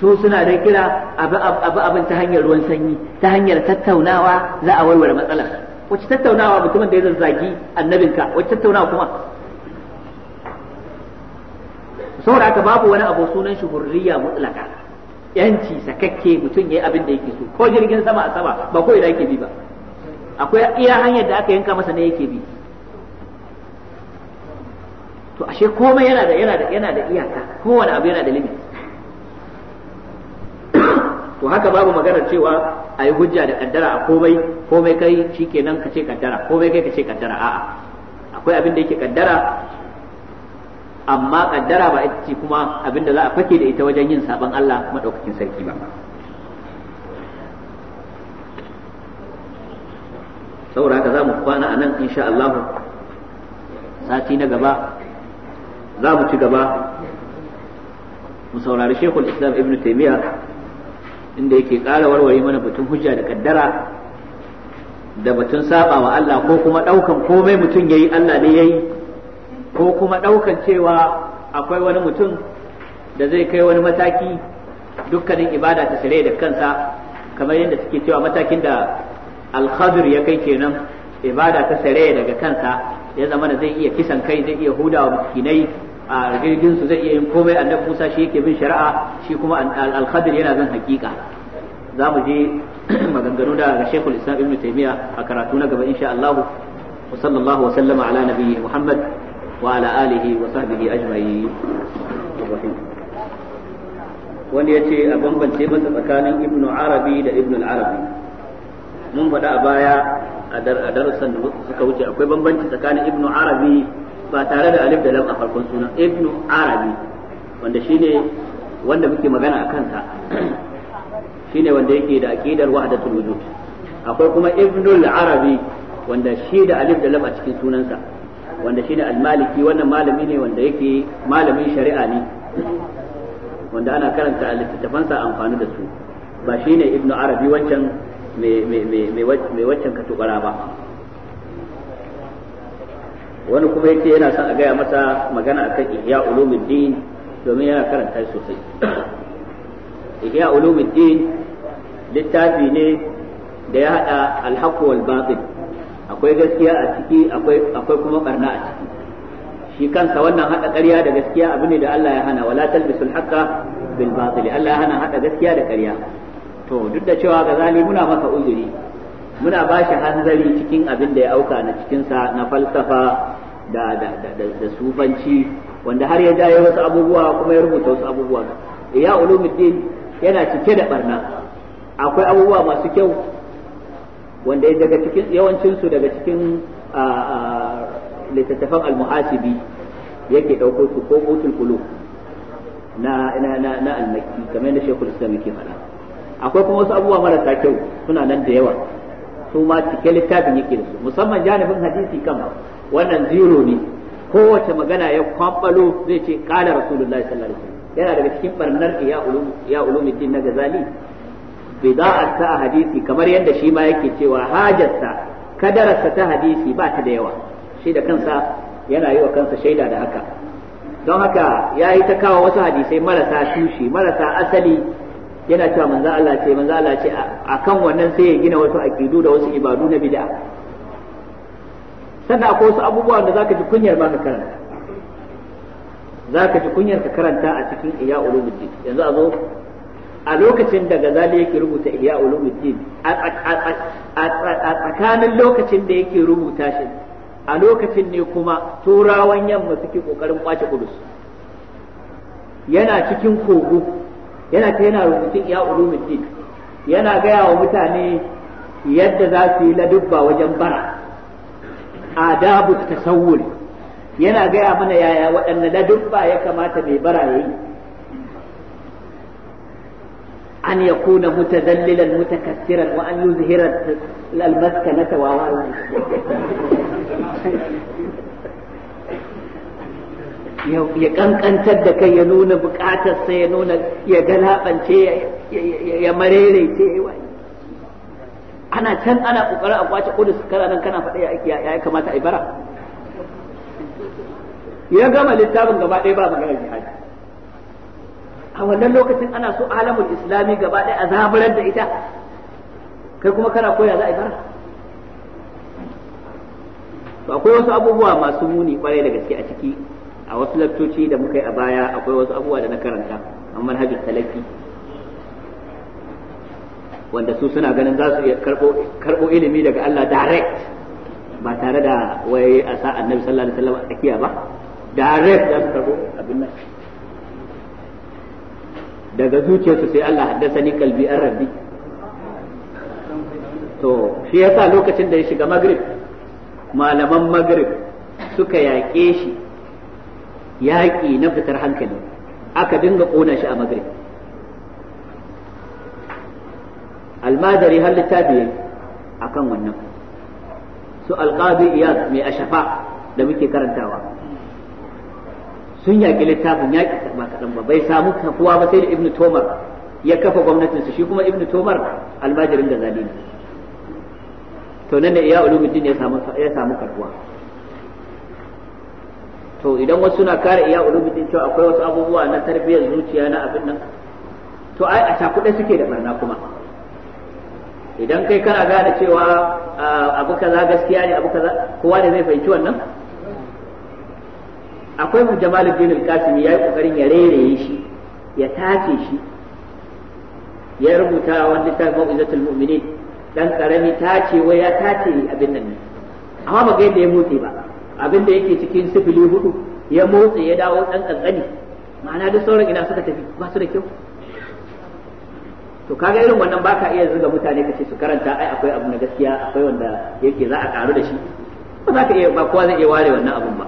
su suna da kira abu abin ta hanyar ruwan sanyi ta hanyar tattaunawa za a warware matsalar Wacce tattaunawa mutumin da ya zazzagi annabinka wacce tattaunawa kuma saboda haka babu wani abu sunan shi hurriya mutlaka yanci sakakke mutum ya yi abin da yake so ko jirgin sama a sama ba ko ina yake bi ba akwai iya hanyar da aka yanka masa ne yake bi to ashe komai yana da yana da yana da iyaka kowane abu yana da limit to haka babu maganar cewa a yi hujja da kaddara a komai komai kai shi shikenan ka ce kaddara komai kai ka ce kaddara a'a akwai abin da yake kaddara amma kaddara ba ita ce kuma abin da za a fake da ita wajen yin sabon Allah madaukakin sarki ba saboda haka za mu kwana a nan insha Allah sati na gaba za mu ci gaba mu saurari shekul islam ibn taimiyya inda yake ƙara warware mana batun hujja da kaddara da batun saba wa Allah ko kuma ɗaukan komai mutum yayi Allah ne yayi ko kuma ɗaukan cewa akwai wani mutum da zai kai wani mataki dukkanin ibada ta sare da kansa kamar yadda suke cewa matakin da alkhadir ya kai kenan ibada ta sare daga kansa ya zama da zai iya kisan kai zai iya hudawa miskinai a jirgin su zai iya yin komai annabi Musa shi yake bin shari'a shi kuma al-Khadir yana zan hakika za mu je maganganu da Sheikhul Islam Ibn Taymiyyah a karatu na gaba insha Allah wa sallallahu wa sallama ala nabiyyi Muhammad wa ala alihi wa sahbihi ajma'in wanda yace a bambance masa tsakanin Ibn Arabi da Ibn Arabi mun faɗa a baya a darussan da suka wuce akwai bambanci tsakanin Ibn Arabi ba tare da alif da lam a farkon sunan ibnu arabi wanda shine wanda muke magana a kansa shine wanda yake da aqidar wahdatul wujud akwai kuma ibnul arabi wanda shi da alif da lam a cikin sunansa wanda shine al-maliki wannan malami ne wanda yake malamin shari'a ne wanda ana karanta a littattafansa amfani da su ba shine ibnu arabi wancan mai wancan katubara ba wani kuma yace yana son a gaya masa magana akan ihya ulumuddin domin yana karanta sosai ihya ulumuddin littafi ne da ya hada alhaq wal batil akwai gaskiya a ciki akwai akwai kuma barna a ciki shi kansa wannan hada ƙarya da gaskiya abu ne da Allah ya hana wala talbisul haqqa bil batil Allah ya hana hada gaskiya da ƙarya to duk da cewa ga zalimuna maka uzuri muna ba shi hanzari cikin abin da ya auka na cikinsa na falsafa da da sufanci wanda har ya jaye wasu abubuwa kuma ya rubuta wasu abubuwa ya ulumuddin yana cike da barna akwai abubuwa masu kyau wanda daga cikin yawancinsu daga cikin littattafan almuhasibi yake ɗauko su ko kotun kulu na na na na almakki kamar yadda shekul islam yake faɗa akwai kuma wasu abubuwa marasa kyau suna nan da yawa su ma cike littafin yake da su musamman janibin hadisi kan wannan zero ne kowace magana ya kwambalo zai ce kala rasulullahi sallallahu alaihi wasallam yana daga cikin barnar ya ulum ya din na gazali bida'at ta hadisi kamar yadda shi ma yake cewa hajarsa kadararsa ta hadisi ba ta da yawa shi da kansa yana yi wa kansa shaida da haka don haka ya yi ta kawo wasu hadisai marasa tushe marasa asali yana cewa manzo Allah ce manzo Allah ce akan wannan sai ya gina wasu aqidu da wasu ibadu na bid'a sannan akwai wasu abubuwa da zaka ji kunyar ma ka karanta zaka ji kunyar ka karanta a cikin iya Ulumuddin yanzu a zo a lokacin da gazali yake rubuta iya Ulumuddin a tsakanin lokacin da yake rubuta shi a lokacin ne kuma turawan yamma suke kokarin kwace kudus yana cikin kogo yana ta yana rubutun ya ulumuddin yana gaya wa mutane yadda za su yi ladubba wajen bara adabu tasawwur yana gaya mana yaya waɗanne ladubba ya kamata mai bara yayi an ya yakuna mutadallilan mutakassiran wa an yuzhira al-maskanata wa ya kankantar da kai ya nuna sa ya nuna ya galabance ya marerece ana can ana kokarin a kwace kudus kana nan kana faɗa ya kamata a bara ya gama littafin gaba ɗaya ba magana jihadi a wannan lokacin ana so alamul islami gaba ɗaya a zaburar da ita kai kuma kana koya za a bara to akwai wasu abubuwa masu muni kwarai da gaske a ciki a wasu lakcoci da muka yi a baya akwai wasu abubuwa da na karanta an hajji talafi wanda su suna ganin za su iya karɓo ilimi daga Allah direct ba tare da wai a sa annabi sallallahu alaihi wasallam a tsakiya ba direct za su karɓo abin nan daga zuciyarsu sai Allah haddasa ni kalbi an rabbi to shi yasa lokacin da ya shiga magrib malaman magrib suka yaƙe shi yaƙi na fitar hankali aka dinga ƙona shi a magrib almadari har littafi a kan wannan su alƙabi iyaz mai ashafa da muke karantawa sun yaƙi littafin yaƙi ba kaɗan ba bai samu kafuwa ba sai da ibnu tomar ya kafa gwamnatinsa shi kuma ibnu tomar almajirin gazali ne to nan da iya ulumuddin ya samu ya samu karbuwa to idan wasu na kare iya ulubudin cewa akwai wasu abubuwa na tarbiyyar zuciya na abin nan to ai a cakuɗe suke da barna kuma idan kai kana gane cewa abu kaza gaskiya ne abu kaza kowa ne zai fahimci wannan akwai mu jamaluddin al-qasimi yayi kokarin ya rereye shi ya tace shi ya rubuta wani littafin mau'izatul mu'minin dan karami tace wai ya tace abin nan amma ba ga yadda ya mutse ba abin da yake cikin sifili hudu ya motsa ya dawo dan kankani ma'ana duk sauran ina suka tafi ba su da kyau to kaga irin wannan baka iya zuga mutane kace su karanta ai akwai abu na gaskiya akwai wanda yake za a karu da shi ba za ka iya ba kowa zai iya ware wannan abun ba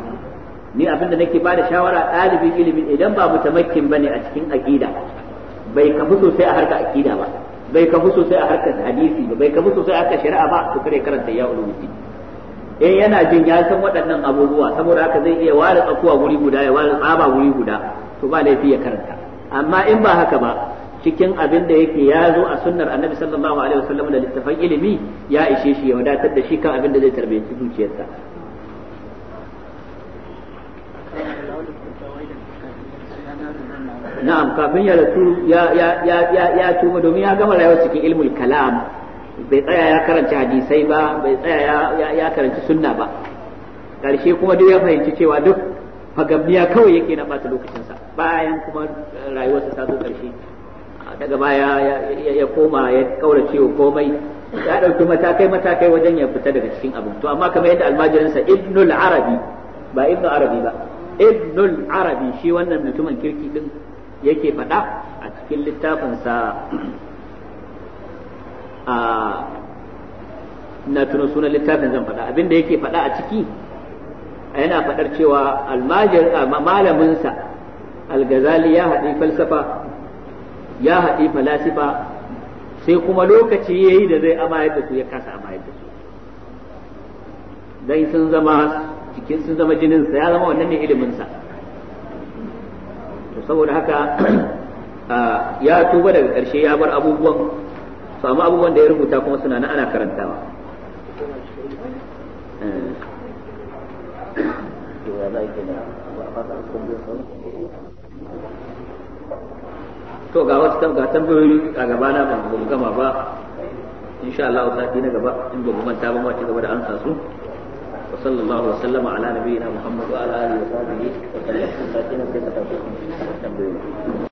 ni abin da nake bada shawara ɗalibin ilimi idan ba mutamakkin bane a cikin aqida bai kafu sosai a harkar aqida ba bai kafu sosai a harkar hadisi ba bai kafu sosai a harkar shari'a ba to kare karanta ya ulumuddin in eh, yana jin ya san waɗannan abubuwa saboda haka zai iya ware tsakuwa guri guda ya ware tsaba guri guda to ba laifi ya karanta amma in ba haka ba cikin abin da yake ya zo a sunnar annabi sallallahu alaihi wasallam da littafan ilimi ya ishe shi ya wadatar da shi kan abin da zai tarbiyyanci zuciyarsa na'am kafin ya rasu ya ya ya ya tuba domin ya gama rayuwa cikin ilmul kalam bai tsaya ya karanci hadisai ba bai tsaya ya karanci sunna ba karshe kuma duk ya fahimci cewa duk fagamniya kawai yake na bata lokacinsa bayan kuma rayuwarsa ta zo karshe daga baya ya koma ya kaura ciwo komai ya ɗauki matakai matakai wajen ya fita daga cikin abin to amma kamar yadda almajirinsa ibnul arabi ba ibnul arabi ba ibnul arabi shi wannan mutumin kirki din yake faɗa a cikin littafinsa a na tunan sunan littafin zan faɗa abin da yake faɗa a ciki yana faɗar cewa almajir malaminsa algazali ya haɗi falsafa ya haɗi falasifa sai kuma lokaci ya yi da zai amayar da su ya kasa amayar da su dai sun zama cikin sun zama jininsa ya zama wannan ne iliminsa to saboda haka ya tuba daga ƙarshe ya bar abubuwan su amma abubuwan da ya rubuta kuma suna na ana karantawa to ga wasu ga tambayoyi a gaba na ban mu gama ba in sha Allah sati na gaba in ba mu manta ba mu ci gaba da sa su wa sallallahu wa sallama ala nabiyina muhammadu ala alihi wa sahbihi wa sallam sati na gaba tambayoyi